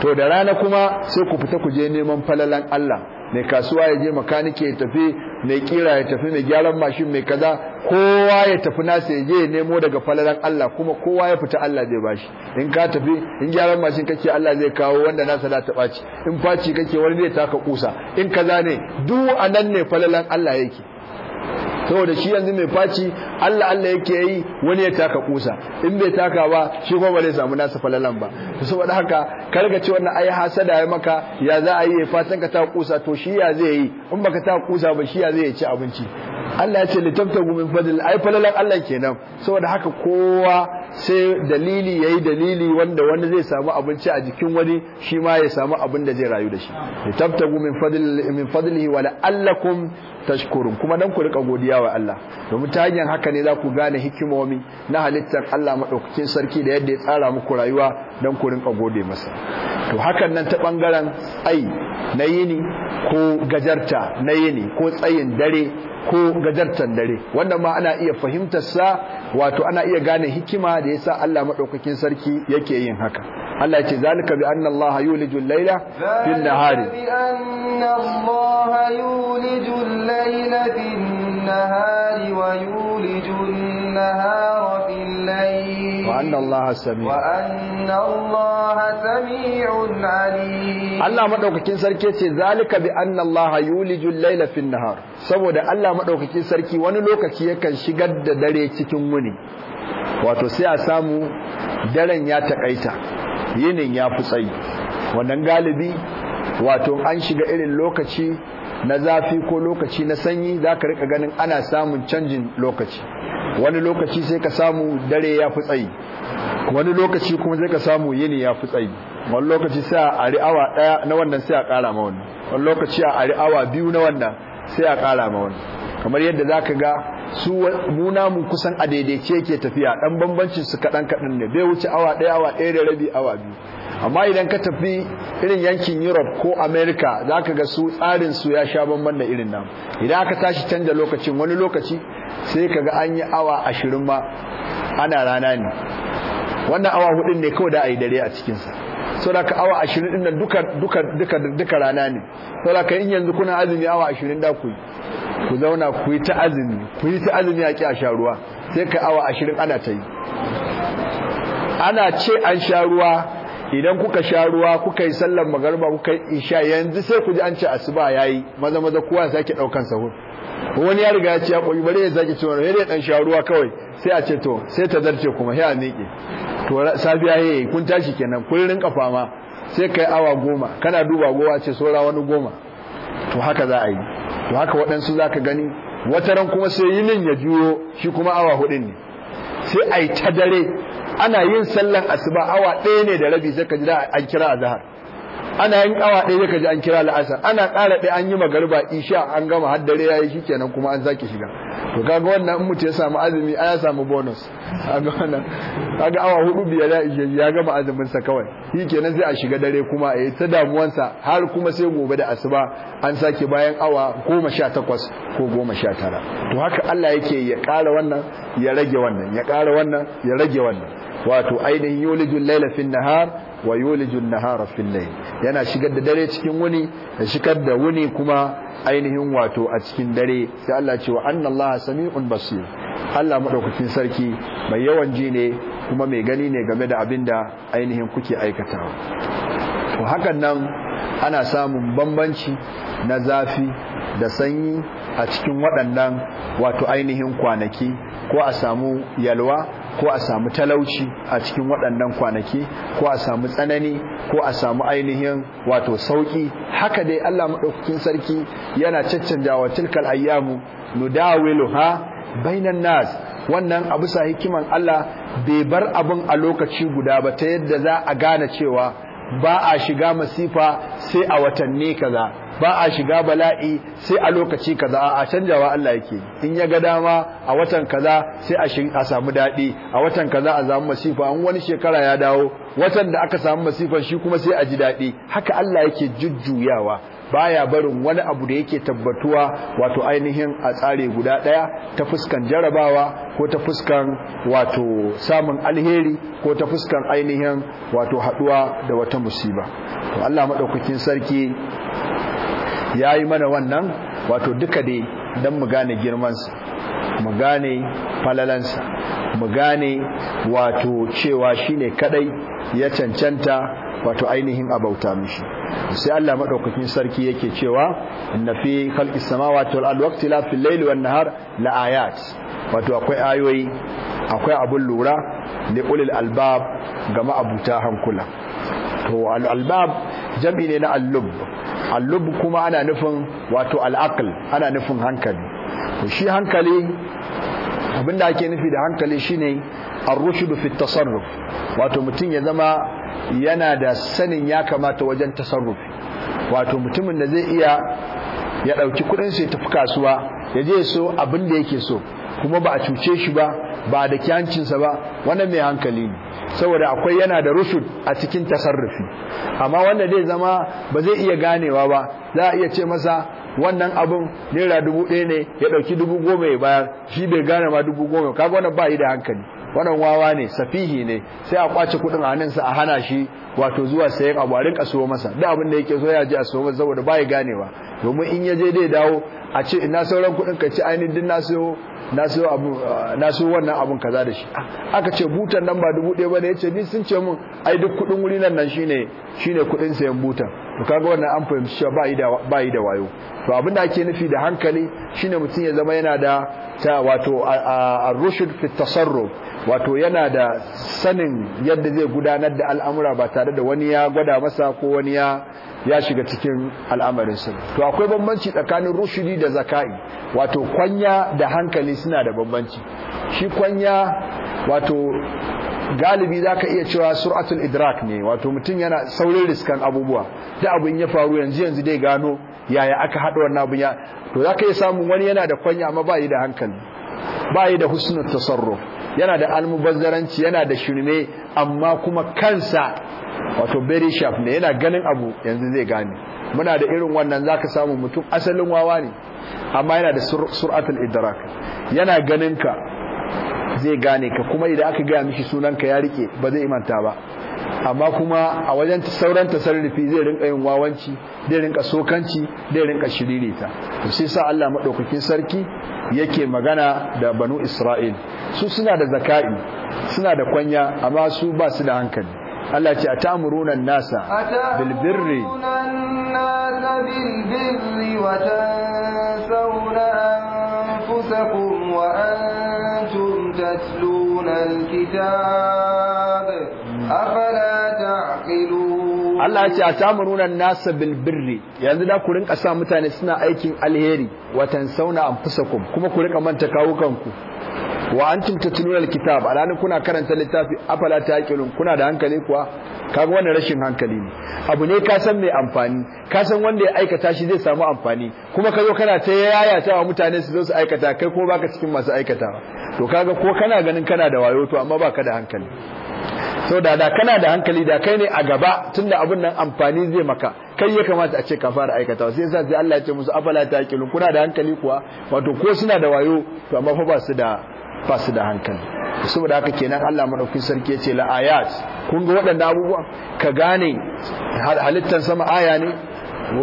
to da rana kuma sai ku fita ku je neman falalan Allah mai kasuwa ya je makanike ya tafi mai kira ya tafi mai gyaran mashin mai kaza kowa ya tafi nasa ya je ya nemo daga falalan Allah kuma kowa ya fita Allah zai bashi in ka tafi in gyaran mashin kake Allah zai kawo wanda nasa da ta baci in faci kake wani zai taka kusa in kaza ne duk anan ne falalan Allah yake saboda shi yanzu mai faci Allah Allah yake yi wani ya taka kusa in bai taka ba shi kuma ba zai samu nasa falalan ba saboda haka karga ce wannan ai hasada ya maka ya za a yi ya fatan ka taka kusa to shi ya zai yi in baka taka kusa ba shi ya zai ci abinci Allah ya ce litaftagu min fadl ai falalan Allah kenan saboda haka kowa sai dalili ya yi dalili wanda wani zai samu abinci a jikin wani shi ma ya samu abin da zai rayu da shi ya tabtagu min fadlihi wa la'allakum tashkurun kuma dan ku rika godiya wa Allah domin ta hanyar haka ne za ku gane hikimomi na halittar Allah madaukakin sarki da yadda ya tsara muku rayuwa dan ku rinka gode masa to hakan nan ta bangaren ai na yini ko gajarta na yini ko tsayin dare ko gajartan dare wanda ma ana iya fahimtar sa wato ana iya gane hikima da yasa Allah madaukakin sarki yake yin haka Allah yace zalika bi anna Allah yulijul layla fil nahari bi anna Allah yulijul layla fil nahari wa nahara fil وأن الله سميع وأن الله سميع عليم الله مدوكين سركي ذلك بأن الله يولج الليل في النهار saboda Allah Maɗaukakin sarki wani lokaci yakan shigar da dare cikin wuni wato sai a samu daren ya takaita yinin ya fi tsayi wannan galibi wato an shiga irin lokaci na zafi ko lokaci na sanyi zaka rika ganin ana samun canjin lokaci wani lokaci sai ka samu dare ya fi tsayi wani lokaci kuma sai ka samu yini ya fi tsayi wani lokaci sai a ari awa daya na wannan sai a kara ma wannan wani lokaci a ari awa biyu na wannan sai a kara ma wannan kamar yadda zaka ga su mu namu kusan a daidaice yake tafiya dan bambancin su kadan kadan ne bai wuce awa daya awa daya da rabi awa biyu amma idan ka tafi irin yankin Europe ko America zaka ga su tsarin su ya sha bamban da irin nan idan ka tashi canja lokacin wani lokaci sai kaga an yi awa 20 ma ana rana ne wannan awa hudun ne kawai da ayi dare a cikin sa da ka awa 20 din nan duka duka duka duka rana ne da ka in yanzu kuna azumi awa 20 da ku ku zauna ku yi ta azumi ku yi ta azumi a ki sha ruwa sai ka awa ashirin ana ta yi ana ce an sha ruwa idan kuka sha ruwa kuka yi sallar magarba kuka yi isha yanzu sai ku ji an ce asuba yayi maza maza kowa sake daukan sahur wani ya riga ya ce ya koyi bare ya zaki cewa ya dan sha ruwa kawai sai a ce to sai ta zarce kuma ya miƙe to safiya yayi kun tashi kenan kun rinka fama sai kai awa goma kana duba gowa ce saura wani goma to haka za a yi to haka waɗansu za ka gani wata ran kuma sai yi nin ya juyo shi kuma awa hudun ne sai a yi ta dare ana yin sallan asuba awa ɗaya ne da rabi sai ka jira an kira a zahar ana yin awa ɗaya ka ji an kira la'asar ana ƙara ɗaya an yi magarba isha an gama har dare shi shikenan kuma an zaki shiga to kaga wannan in mutum ya samu azumi ya samu bonus kaga wannan kaga awa hudu biyar ya ishe ya gama azuminsa kawai. kawai kenan sai a shiga dare kuma a yi ta damuwansa har kuma sai gobe da asuba an sake bayan awa goma sha takwas ko goma sha tara to haka Allah yake ya ƙara wannan ya rage wannan ya ƙara wannan ya rage wannan wato ainihin yulijul laila fin nahar wa yulijun nahara fil layl yana shigar da dare cikin wuni da shigar da wuni kuma ainihin wato a cikin dare sai Allah ce wa anna Allah sami'un basir Allah madaukakin sarki mai yawan ji ne kuma mai gani ne game da abinda ainihin kuke aikatawa to hakan nan ana samun bambanci na zafi da sanyi a cikin waɗannan wato ainihin kwanaki ko a samu yalwa ko a samu talauci a cikin waɗannan kwanaki ko a samu tsanani ko a samu ainihin wato sauki haka dai Allah madaukakin sarki yana wa tilkal ayyamu nudawiluha bainan nas wannan abu sa hikiman Allah bai bar abun a lokaci guda ba ta yadda za a gane cewa ba a shiga masifa sai a watanni kaza ba a shiga bala'i sai a lokaci kaza a canjawa Allah yake in ya ga dama a watan kaza sai a samu daɗi a watan kaza a samu masifa an wani shekara ya dawo watan da aka samu masifan shi kuma sai a ji daɗi haka Allah yake jujjuyawa baya barin wani abu da yake tabbatuwa wato ainihin a tsare guda daya ta fuskan jarabawa ko ta fuskan wato samun alheri ko ta fuskan ainihin wato haduwa da wata musiba to Allah madaukakin sarki yayi mana wannan wato duka dai dan mu gane girman sa mu gane falalansa mu gane wato cewa shine kadai ya cancanta wato ainihin abauta mishi sai Allah madaukakin sarki yake cewa inna fi khalqis samawati wal ardi waqtilafi al-layli wan nahar la ayat wato akwai ayoyi akwai abun lura li ulil albab ga ma'abuta hankula to al-albab jam'i ne na al-lub al-lub kuma ana nufin wato al-aql ana nufin hankali shi hankali abinda ake nufi da hankali shine ar-rushd fi tasarruf wato mutum ya zama yana da sanin ya kamata wajen tasarrufi wato mutumin da zai iya ya dauki kudin sai tafi kasuwa ya je so abin da yake so kuma ba a cuce shi ba ba da sa ba wannan mai hankali ne saboda akwai yana da rushud a cikin tasarrufi amma wanda zai zama ba zai iya ganewa ba za a iya ce masa wannan abin naira dubu ɗaya ne ya ɗauki dubu goma ya bayar shi bai gane ma dubu goma kaga wannan ba da hankali wannan wawa ne safihi ne sai a kwace kuɗin a hannunsa a hana shi wato zuwa sayan abu a rinka siyo masa duk abin da yake so ya je a siyo masa saboda ba ya ganewa domin in ya je dai dawo a ce ina sauran kuɗin ka ci ainihin na siyo na siyo wannan abun kaza da shi aka ce butan nan ba dubu ɗaya ba ne ya ce ni sun ce mun ai duk kuɗin wuri nan nan shine shine kuɗin sayan butan to kaga wannan an fahimci cewa ba yi da ba yi da wayo to abin da ake nufi da hankali shine mutum ya zama yana da ta wato ar-rushd fi wato yana da sanin yadda zai gudanar da al'amura ba tare da wani ya gwada masa ko wani ya ya shiga cikin al'amarin su to akwai bambanci tsakanin rushudi da zakai wato kwanya da hankali suna da bambanci shi kwanya wato galibi za ka iya cewa suratul idrak ne wato mutum yana saurin riskan abubuwa da abin ya faru yanzu yanzu dai gano yaya aka haɗa wannan abin ya to za ka iya samun wani yana da kwanya amma ba yi da hankali ba yi da husnul tasarruf yana da almubazzaranci yana da shirme amma kuma kansa wato very sharp ne yana ganin abu yanzu zai gane muna da irin wannan za ka samu mutum asalin wawa ne amma yana da sur'atul idrak yana ganin ka zai gane ka kuma idan aka gaya mishi sunanka ya rike ba zai imanta ba amma kuma a wajen sauran tasarrufi zai rinka yin wawanci zai rinka sokanci zai rinka shiririta to sai sa Allah madaukakin sarki yake magana da banu Isra'il su suna da zakai suna da kwanya amma su ba su da hankali Allah ce atamuruna nasa bil birri wa tansawna anfusakum الكتاب أفلا تعقلون الله يتي أتامرون الناس بالبر يعني لا كورن أسامة نسنا سنا الهيري وتنسون أنفسكم كما كورن أمان تكاوكم wa antum tatluna alkitab ranar kuna karanta littafi afala taqilun kuna da hankali kuwa kaga wannan rashin hankali ne abu ne ka san mai amfani kasan wanda ya aikata shi zai samu amfani kuma ka zo kana ta wa mutane su zo su aikata kai ko baka cikin masu aikatawa to kaga ko kana ganin kana da wayo to amma baka da hankali so da da kana da hankali da kai ne a gaba tunda abin nan amfani zai maka kai ya kamata a ce ka fara aikata sai yasa sai Allah ya ce musu afala taqilun kuna da hankali kuwa wato ko suna da wayo to amma fa ba su da ba su da hankali saboda haka kenan Allah madaukakin sarki yace la ayat kun ga waɗannan abubuwa ka gane halittar sama aya ne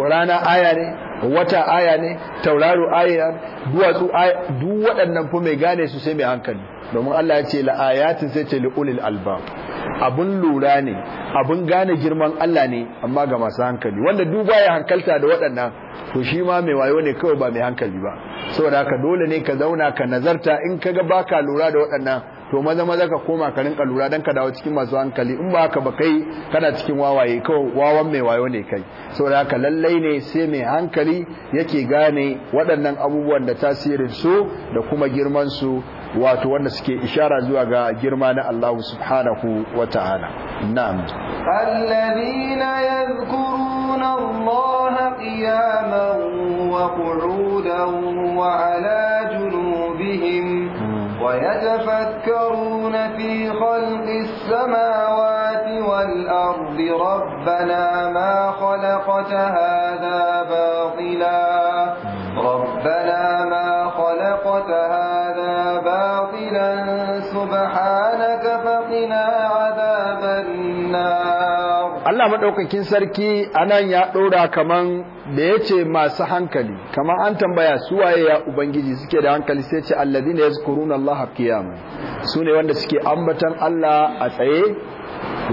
rana aya ne wata aya ne tauraro aya duwatsu du waɗannan fa mai gane su sai mai hankali domin Allah ya ce la ayatin sai ce liulil albab abun lura ne abun gane girman Allah ne amma ga masu hankali wanda duk baya hankalta da waɗannan to shi ma mai wayo ne kawai ba mai hankali ba saboda haka dole ne ka zauna ka nazarta in kaga baka lura da waɗannan to maza maza ka koma ka rinka lura dan ka dawo cikin masu hankali in ba ka ba kai kana cikin wawaye kawai wawan mai wayo ne kai saboda haka lallai ne sai mai hankali yake gane waɗannan abubuwan da tasirin su da kuma girman su wato wanda suke ishara zuwa ga girma na Allah subhanahu wa ta'ala na'am alladhina yadhkuruna Allah qiyaman wa qu'udan wa 'ala يتفكرون في خلق السماوات والأرض ربنا ما خلقت هذا باطلاً A madaukakin sarki anan ya dora kaman da yace masu hankali kaman an tambaya su waye ya ubangiji suke da hankali sai ce alladhina yazkuruna Allah su ne wanda suke ambatan Allah a tsaye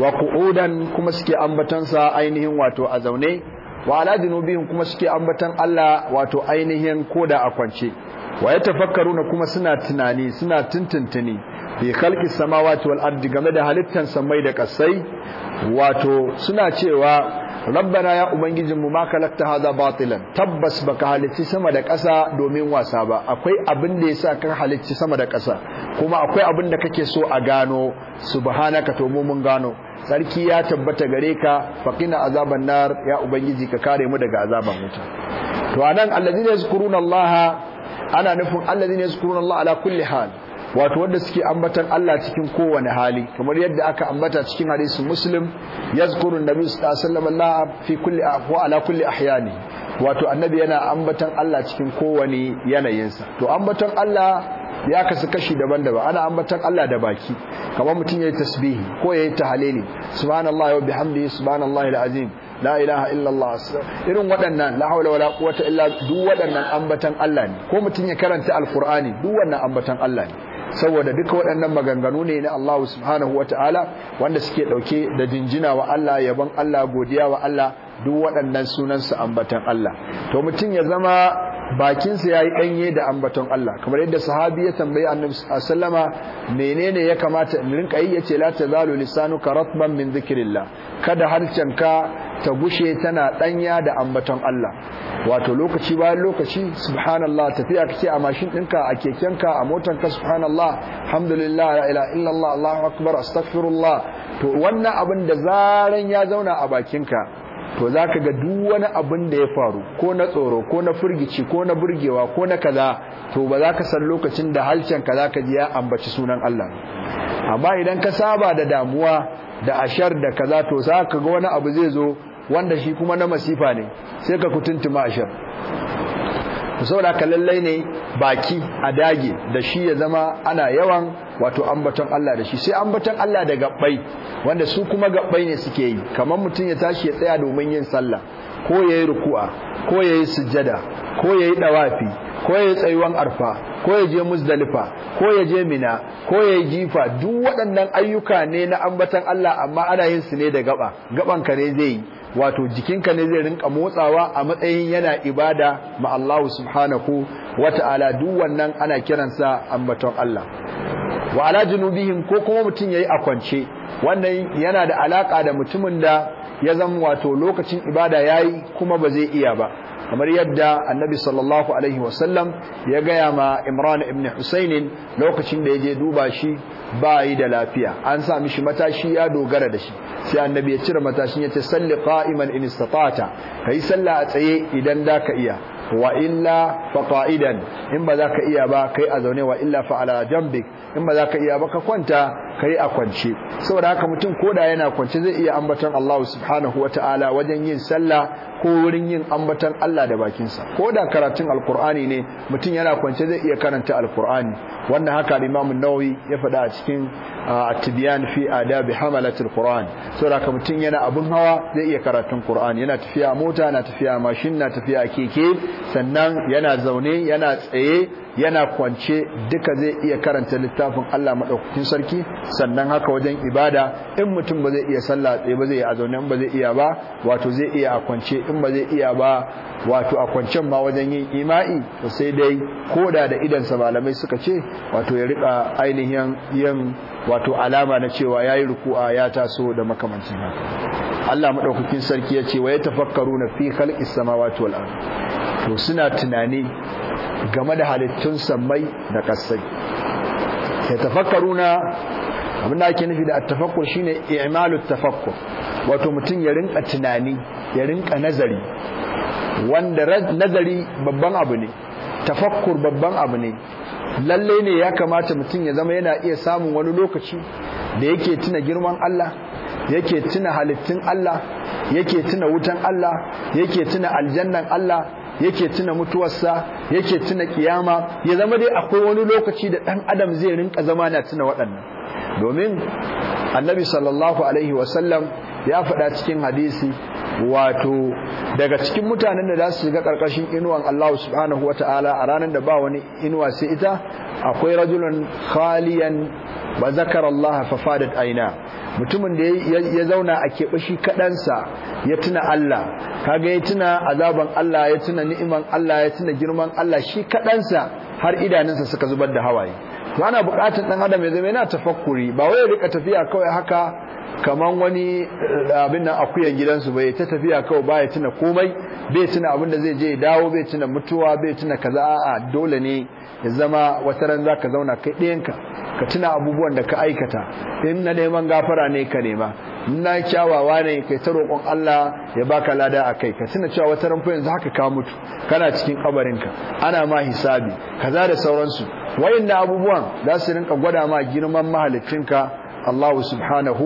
wa qu'udan kuma suke ambatansa ainihin wato a zaune wa ala biyun kuma suke ambatan Allah wato ainihin koda a kwance wa ya yatafakkaruna kuma suna tunani suna tuntuntuni fi khalqi samawati wal ardi game da halittan samai da kasai wato suna cewa rabbana ya ubangijin mu ma kalakta haza batilan tabbas baka halicci sama da kasa domin wasa ba akwai abin da sa ka halicci sama da kasa kuma akwai abin da kake so a gano subhanaka to mu mun gano sarki ya tabbata gare ka faqina azaban nar ya ubangiji ka kare mu daga azaban wuta to anan allazina yazkuruna allaha ana nufin allazina yazkuruna allaha ala kulli hal wato wanda suke ambatan Allah cikin kowane hali kamar yadda aka ambata cikin hadisi, muslim yazkuru nabi sallallahu alaihi wasallam fi kulli wa ala kulli ahyani wato annabi yana ambatan Allah cikin kowane yanayinsa to ambatan Allah ya kasu kashi daban-daban ana ambatan Allah da baki kamar mutum yayi tasbihi ko yayi tahlili Subhanallah wa bihamdihi subhanallahi alazim la ilaha illallah irin waɗannan la haula wala quwwata illa duk waɗannan ambatan Allah ne ko mutum ya karanta alqur'ani duk wannan ambatan Allah ne saboda duka waɗannan maganganu ne na Allah subhanahu wa ta'ala wanda suke ɗauke da jinjina wa Allah yabon Allah godiya wa Allah duk waɗannan sunansa ambatan Allah to mutum ya zama bakinsa ya yi ɗanye da ambaton Allah kamar yadda sahabi ya tambayi annabi sallama menene ya kamata in rinka yi yace la tazalu lisanuka ratban min zikrillah kada harcenka ta gushe tana ɗanya da ambaton Allah wato lokaci bayan lokaci subhanallah tafiya kace a mashin ɗinka a keken ka a ka subhanallah alhamdulillah la ilaha illallah allahu akbar astaghfirullah to wannan abin da zaran ya zauna a bakinka to za ka ga duk wani abin da ya faru ko na tsoro ko na firgici ko na burgewa ko na kaza to ba za ka san lokacin da halcin ka za ka ji ya ambaci sunan Allah amma idan ka saba da damuwa da ashar da kaza to za ka ga wani abu zai zo wanda shi kuma na masifa ne sai ka kutuntuma ashar saboda ka lallai ne baki a dage da shi ya zama ana yawan wato ambaton Allah da shi sai ambaton Allah da gabbai wanda su kuma gabbai ne suke yi kamar mutum ya tashi ya tsaya domin yin sallah ko yayi ruku'a ko yayi sujjada ko yayi dawafi ko yayi tsayuwan arfa ko ya je muzdalifa ko ya je mina ko ya jifa duk waɗannan ayyuka ne na ambatan Allah amma ana yin su ne da gaba gaban ka ne zai wato jikinka ne zai rinka motsawa a matsayin yana ibada ma Allah subhanahu wata'ala duk wannan ana kiransa ambaton Allah wa ala junubihim ko kuma mutum yayi a kwance wannan yana da alaka da mutumin da ya zama wato lokacin ibada yayi kuma ba zai iya ba kamar yadda annabi sallallahu alaihi wasallam ya gaya ma imran ibn husainin lokacin da ya je duba shi ba yi da lafiya an sa mishi matashi ya dogara da shi sai annabi ya cire matashin ya ce salli qa'iman in istata kai sallah a tsaye idan da ka iya wa illa fa in ba za ka iya ba kai a zaune wa illa fa ala jambik in ba za ka iya ba ka kwanta kai a kwance saboda haka mutum koda yana kwance zai iya ambaton Allah subhanahu wataala wajen yin sallah ko wurin yin ambaton Allah da bakinsa koda karatun alkur'ani ne mutum yana kwance zai iya karanta alkur'ani wannan haka Imam an-Nawawi ya faɗa a cikin at-Tibyan fi adab hamalatul quran saboda haka mutum yana abun hawa zai iya karatun Qur'ani yana tafiya mota na tafiya mashin na tafiya keke sannan yana zaune yana tsaye yana kwance duka zai iya karanta littafin Allah madaukakin sarki sannan haka wajen ibada in mutum ba zai iya sallah tsaye ba zai iya a zaune ba zai iya ba wato zai iya a kwance in ba zai iya ba wato a kwancen ma wajen yin ima'i to sai dai koda da idan sa malamai suka ce wato ya rika ainihin yin wato alama na cewa yayi ruku'a ya taso da makamancin haka Allah madaukakin sarki ya ce wa na fi khalqis samawati wal al'adu to suna tunani game da halittun sammai da ƙasai. ya tafakkaruna abin da ake nufi da tafakkur shine i'malu tafakkur wato mutum ya rinka tunani ya rinka nazari wanda nazari babban abu ne tafakkur babban abu ne lalle ne ya kamata mutum ya zama yana iya samun wani lokaci da yake tuna girman Allah yake tuna halittun Allah yake tuna wutan Allah yake tuna aljannan Allah yake tuna mutuwarsa yake tuna kiyama ya zama dai akwai wani lokaci da dan adam zai rinka zama na tuna waɗannan domin annabi sallallahu alaihi wasallam ya faɗa cikin hadisi wato daga cikin mutanen da za su shiga ƙarƙashin inuwan Allah subhanahu wa ta'ala a ranar da ba wani inuwa sai ita akwai rajulun khaliyan ba zakar Allah fa fadat aina mutumin da ya zauna a keɓe shi kaɗansa ya tuna Allah kaga ya tuna azaban Allah ya tuna ni'iman Allah ya tuna girman Allah shi kaɗansa har idanunsa suka zubar da hawaye to ana buƙatar ɗan adam ya zama yana tafakkuri ba wai ya rika tafiya kawai haka kaman wani eh, abin nan akuyan gidansu bai ta tafiya kawai baya tuna komai bai tuna abin da zai je ya dawo bai tuna mutuwa bai tuna kaza a'a dole ne ya zama wata ran zaka zauna kai ɗayanka ka tuna abubuwan da ka aikata in na neman gafara ne ka nema in na kyawawa ne kai ta roƙon Allah ya baka lada a kai ka tuna cewa wata ran fa yanzu haka ka mutu kana cikin kabarinka ana ma hisabi kaza da sauransu wayannan abubuwan za su rinka gwada ma girman mahalicinka Allah subhanahu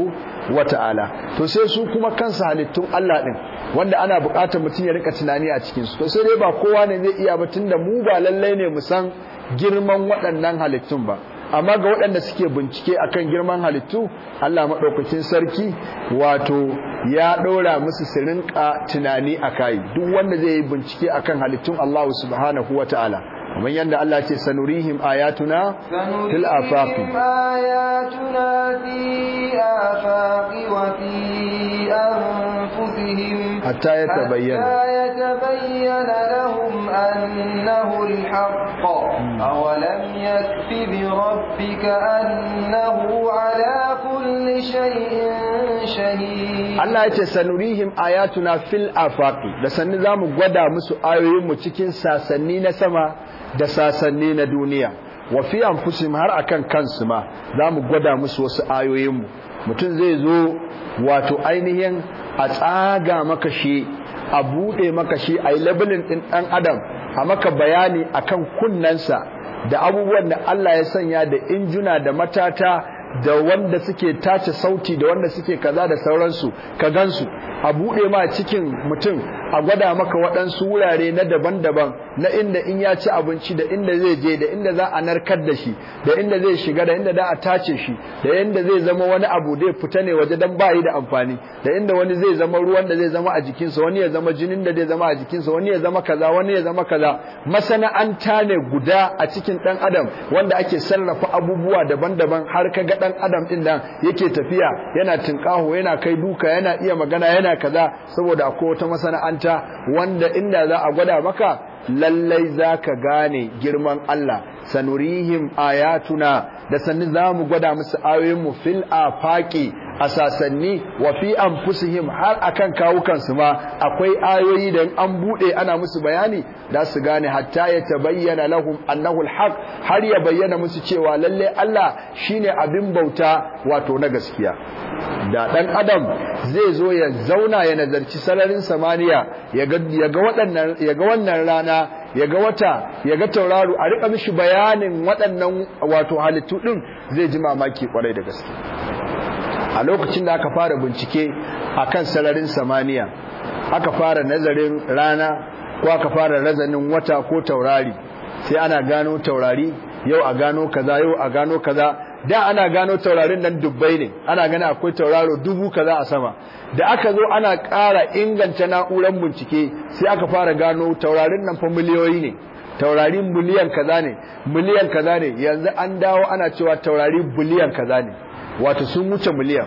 wa ta'ala to sai su kuma kansa halittun Allah ɗin wanda ana buƙatar mutum ya rika tunani a cikin su to sai dai ba kowa ne zai iya ba tunda mu ba lallai ne mu san girman waɗannan halittun ba amma ga waɗanda suke bincike akan girman halittu Allah maɗaukakin sarki wato ya ɗora musu su rinka tunani a kai duk wanda zai yi bincike akan halittun Allah subhanahu wa ta'ala kamar yadda Allah ce sanurihim ayatuna fil afaqi ayatuna fi afaqi wa fi anfusihim ربهم حتى يتبين حتى يتبين لهم أنه الحق أولم يكف بربك أنه على كل شيء شهيد الله يتسنريهم آياتنا في الآفاق لسنزام قدى مسو آيوهم cikin sasanni na sama da sasanni na duniya wa fi har akan kansu ma za mu gwada musu wasu ayoyin mu mutum zai zo wato ainihin a tsaga maka a bude maka shi a yi labelin din dan adam a maka bayani akan kunnansa da abubuwan da Allah ya sanya da injuna da matata da wanda suke tace sauti da wanda suke kaza da sauransu ka gansu a bude ma cikin mutum a gwada maka waɗansu wurare na daban-daban na inda in ya ci abinci da inda zai je da inda za a narkar da shi da inda zai shiga da inda za a tace shi da inda zai zama wani abu da fita ne waje dan bayi da amfani da inda wani zai zama ruwan da zai zama a jikinsa wani ya zama jinin da zai zama a jikinsa wani ya zama kaza wani ya zama kaza masana'anta ne guda a cikin ɗan adam wanda ake sarrafa abubuwa daban-daban har kaga ɗan adam ɗin nan yake tafiya yana tinkaho yana kai duka yana iya magana yana kaza saboda akwai wata masana'anta karanta wanda inda za a gwada maka lallai za ka gane girman Allah sanurihim ayatuna da sannu za mu gwada musu ayoyinmu fil afaqi a sasanni wa fi fusihim har a akan kawukansu ma akwai ayoyi da an buɗe ana musu bayani da su gane hatta ya bayyana lahum annahul haq har ya bayyana musu cewa lalle Allah shine abin bauta wato na gaskiya da dan adam zai zo ya zauna ya nazarci sararin samaniya ya ga waɗannan ya ga wannan rana ya ga wata ya ga tauraro a rika mishi bayanin waɗannan wato halittu ɗin zai ji mamaki kwarai da gaske a lokacin da aka fara bincike a kan sararin samaniya aka fara nazarin rana ko aka fara nazarin wata ko taurari sai ana gano taurari yau a gano kaza yau a gano kaza da ana gano taurarin nan dubbai ne ana gani akwai tauraro dubu kaza a sama da aka zo ana ƙara inganta na'urar bincike sai aka fara gano taurarin nan fa miliyoyi ne taurari miliyan kaza ne miliyan kaza ne yanzu an dawo ana cewa taurari biliyan kaza ne wato sun wuce miliyan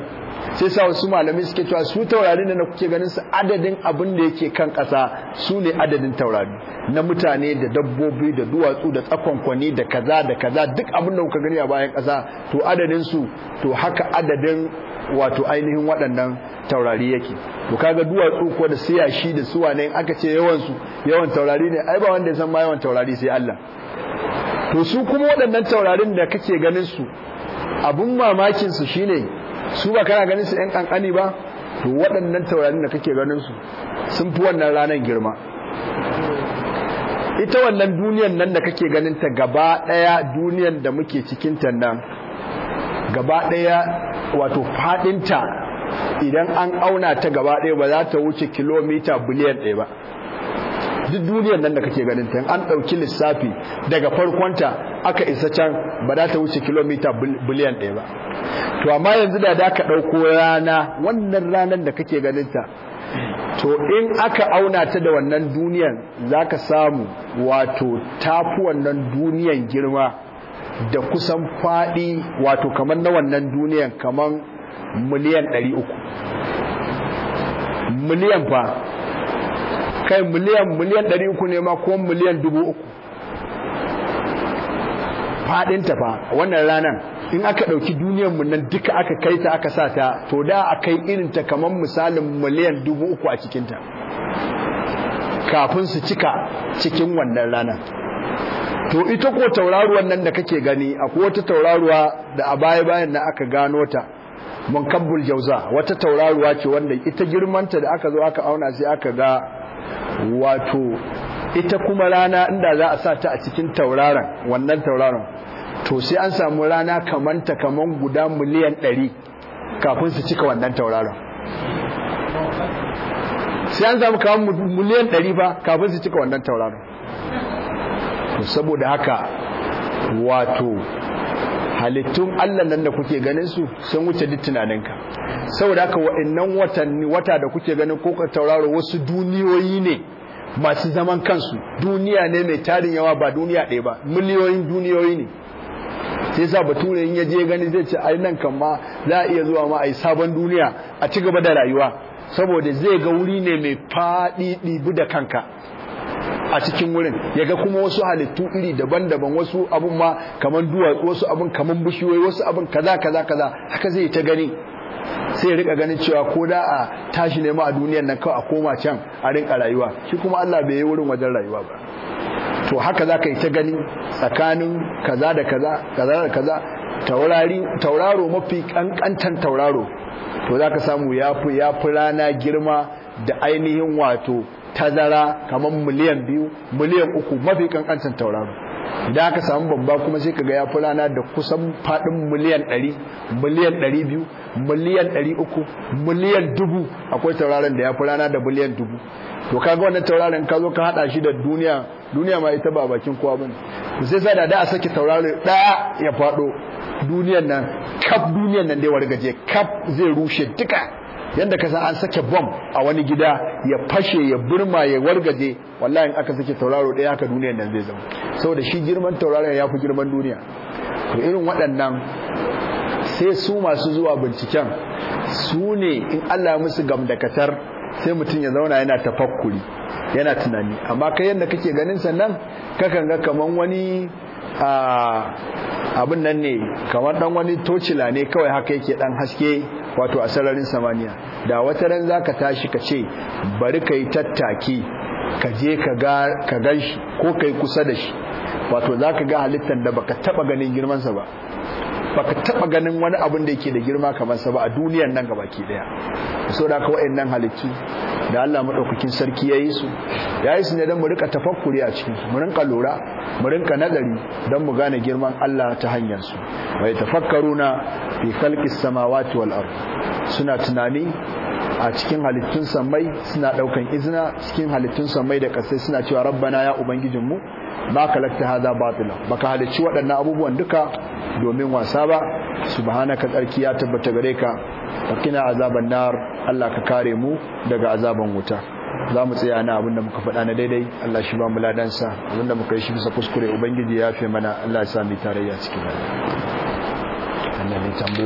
sai sa wasu malamai suke cewa su taurari da na kuke ganin su adadin abin da yake kan kasa su ne adadin taurari na mutane da dabbobi da duwatsu da tsakonkwani da kaza da kaza duk abin da kuka gani a bayan kasa to adadin su to haka adadin wato ainihin waɗannan taurari yake to kaga duwatsu ko da siyashi da su wane aka ce yawan su yawan taurari ne ai ba wanda ya san ma yawan taurari sai Allah to su kuma waɗannan taurarin da kake ganin su abun mamakinsu su shine su ba kana ganin su yan kankani ba to waɗannan taurarin da kake ganin su sun fi wannan ranar girma ita wannan duniyan nan da kake ganin ta gaba ɗaya duniyan da muke cikinta ta nan gaba ɗaya wato faɗinta idan an auna ta gaba ɗaya ba za ta wuce kilomita biliyan ɗaya ba duk duniyar nan da kake ganin ta an ɗauki lissafi daga farkon ta aka isa can ba za ta wuce kilomita biliyan ɗaya ba to amma yanzu da da ka ɗauko rana wannan ranar da kake ganin ta to in aka auna ta da wannan duniyar zaka samu wato tafi wannan duniyar girma da kusan fadi wato kamar na wannan duniyar kamar miliyan 300 miliyan fa kai miliyan miliyan 300 ne ma ko miliyan 300 fadin ta fa wannan ranan in aka dauki duniyar mu nan duka aka kai ta aka sa ta to da akai irin ta kaman misalin miliyan 300 a cikin ta kafin su cika cikin wannan ranan to ita ko tauraruwan nan da kake gani akwai wata tauraruwa da a baya bayan na aka gano ta mun munkabbul jauza wata tauraruwa ce wanda ita girmanta da aka zo aka auna sai aka ga wato ita kuma rana inda za a sa ta a cikin tauraron wannan tauraron to sai an samu rana ta kaman guda miliyan ɗari kafin su cika wannan tauraron sai an samu kaman miliyan ɗari ba kafin su cika wannan tauraron saboda haka wato halittun Allah nan da kuke ganin su sun wuce duk tunaninka saboda haka wa'annan watanni wata da kuke ganin ko ka tauraro wasu duniyoyi ne masu zaman kansu duniya ne mai tarin yawa ba duniya ɗaya ba miliyoyin duniyoyi ne sai sa bature in ya je gani zai ce ai nan kan ma za a iya zuwa ma yi sabon duniya a ci gaba da rayuwa saboda zai ga wuri ne mai faɗi ɗibi da kanka a cikin wurin ya ga kuma wasu halittu iri daban-daban wasu abun ma kamar duwatsu wasu abun kamar bishiyoyi wasu abun kaza kaza kaza haka zai ta gani sai rika ganin cewa ko da a tashi nema a duniyar nan kawai a koma can a rinka rayuwa shi kuma Allah bai yi wurin wajen rayuwa ba to haka za ka yi ta gani tsakanin kaza da kaza kaza da kaza tauraro mafi kankantan tauraro to za ka samu ya fi rana girma da ainihin wato tazara kamar miliyan biyu miliyan uku mafi kankancin tauraro idan aka samu babba kuma sai kaga ya fulana da kusan faɗin miliyan ɗari miliyan ɗari biyu miliyan ɗari uku miliyan dubu akwai tauraron da ya fulana da miliyan dubu to kaga wannan tauraron ka zo ka hada shi da duniya duniya ma ita ba bakin kowa bane sai sai da a saki tauraro ɗaya ya fado duniyan nan kaf duniyan nan dai wargaje kaf zai rushe duka yadda ka san an sake bom a wani gida ya fashe ya burma ya wargaje wallahi in aka sake tauraro ɗaya haka duniyar nan zai zama saboda shi girman tauraro ya fi girman duniya to irin waɗannan sai su masu zuwa binciken su ne in Allah musu gamdakatar sai mutum ya zauna yana tafakkuri yana tunani amma kai yadda kake ganin sannan kakan ga kaman wani abin nan ne kamar dan wani tocila ne kawai haka yake ɗan haske wato a sararin samaniya da wata ran zaka tashi ka ce bari kai tattaki ka je ka ga ka ganshi ko kai kusa da shi wato zaka ga halittar da baka taba ganin girmansa ba baka taba ganin wani abin da yake da girma kamar sa ba a duniyar nan gabaki daya so da ka nan halittu da Allah madaukakin sarki yayi su yayi su ne dan mu rika tafakkuri a cikin mu rinka lura mu rinka nazari dan mu gane girman Allah ta hanyar su wa tafakkaruna fi khalqis samawati wal ard suna tunani a cikin halittun samai suna daukan izina cikin halittun samai da kasai suna cewa rabbana ya ubangijinmu ma kalakta hadha batila baka halicci waɗannan abubuwan duka domin wasa ba subhanaka tsarki ya tabbata gare ka fakina azaban nar Allah ka kare mu daga azaban wuta za mu tsaya na abinda muka faɗa na daidai Allah shi ba mu ladansa abinda muka yi shi bisa kuskure ubangiji ya fi mana Allah ya sami tarayya cikin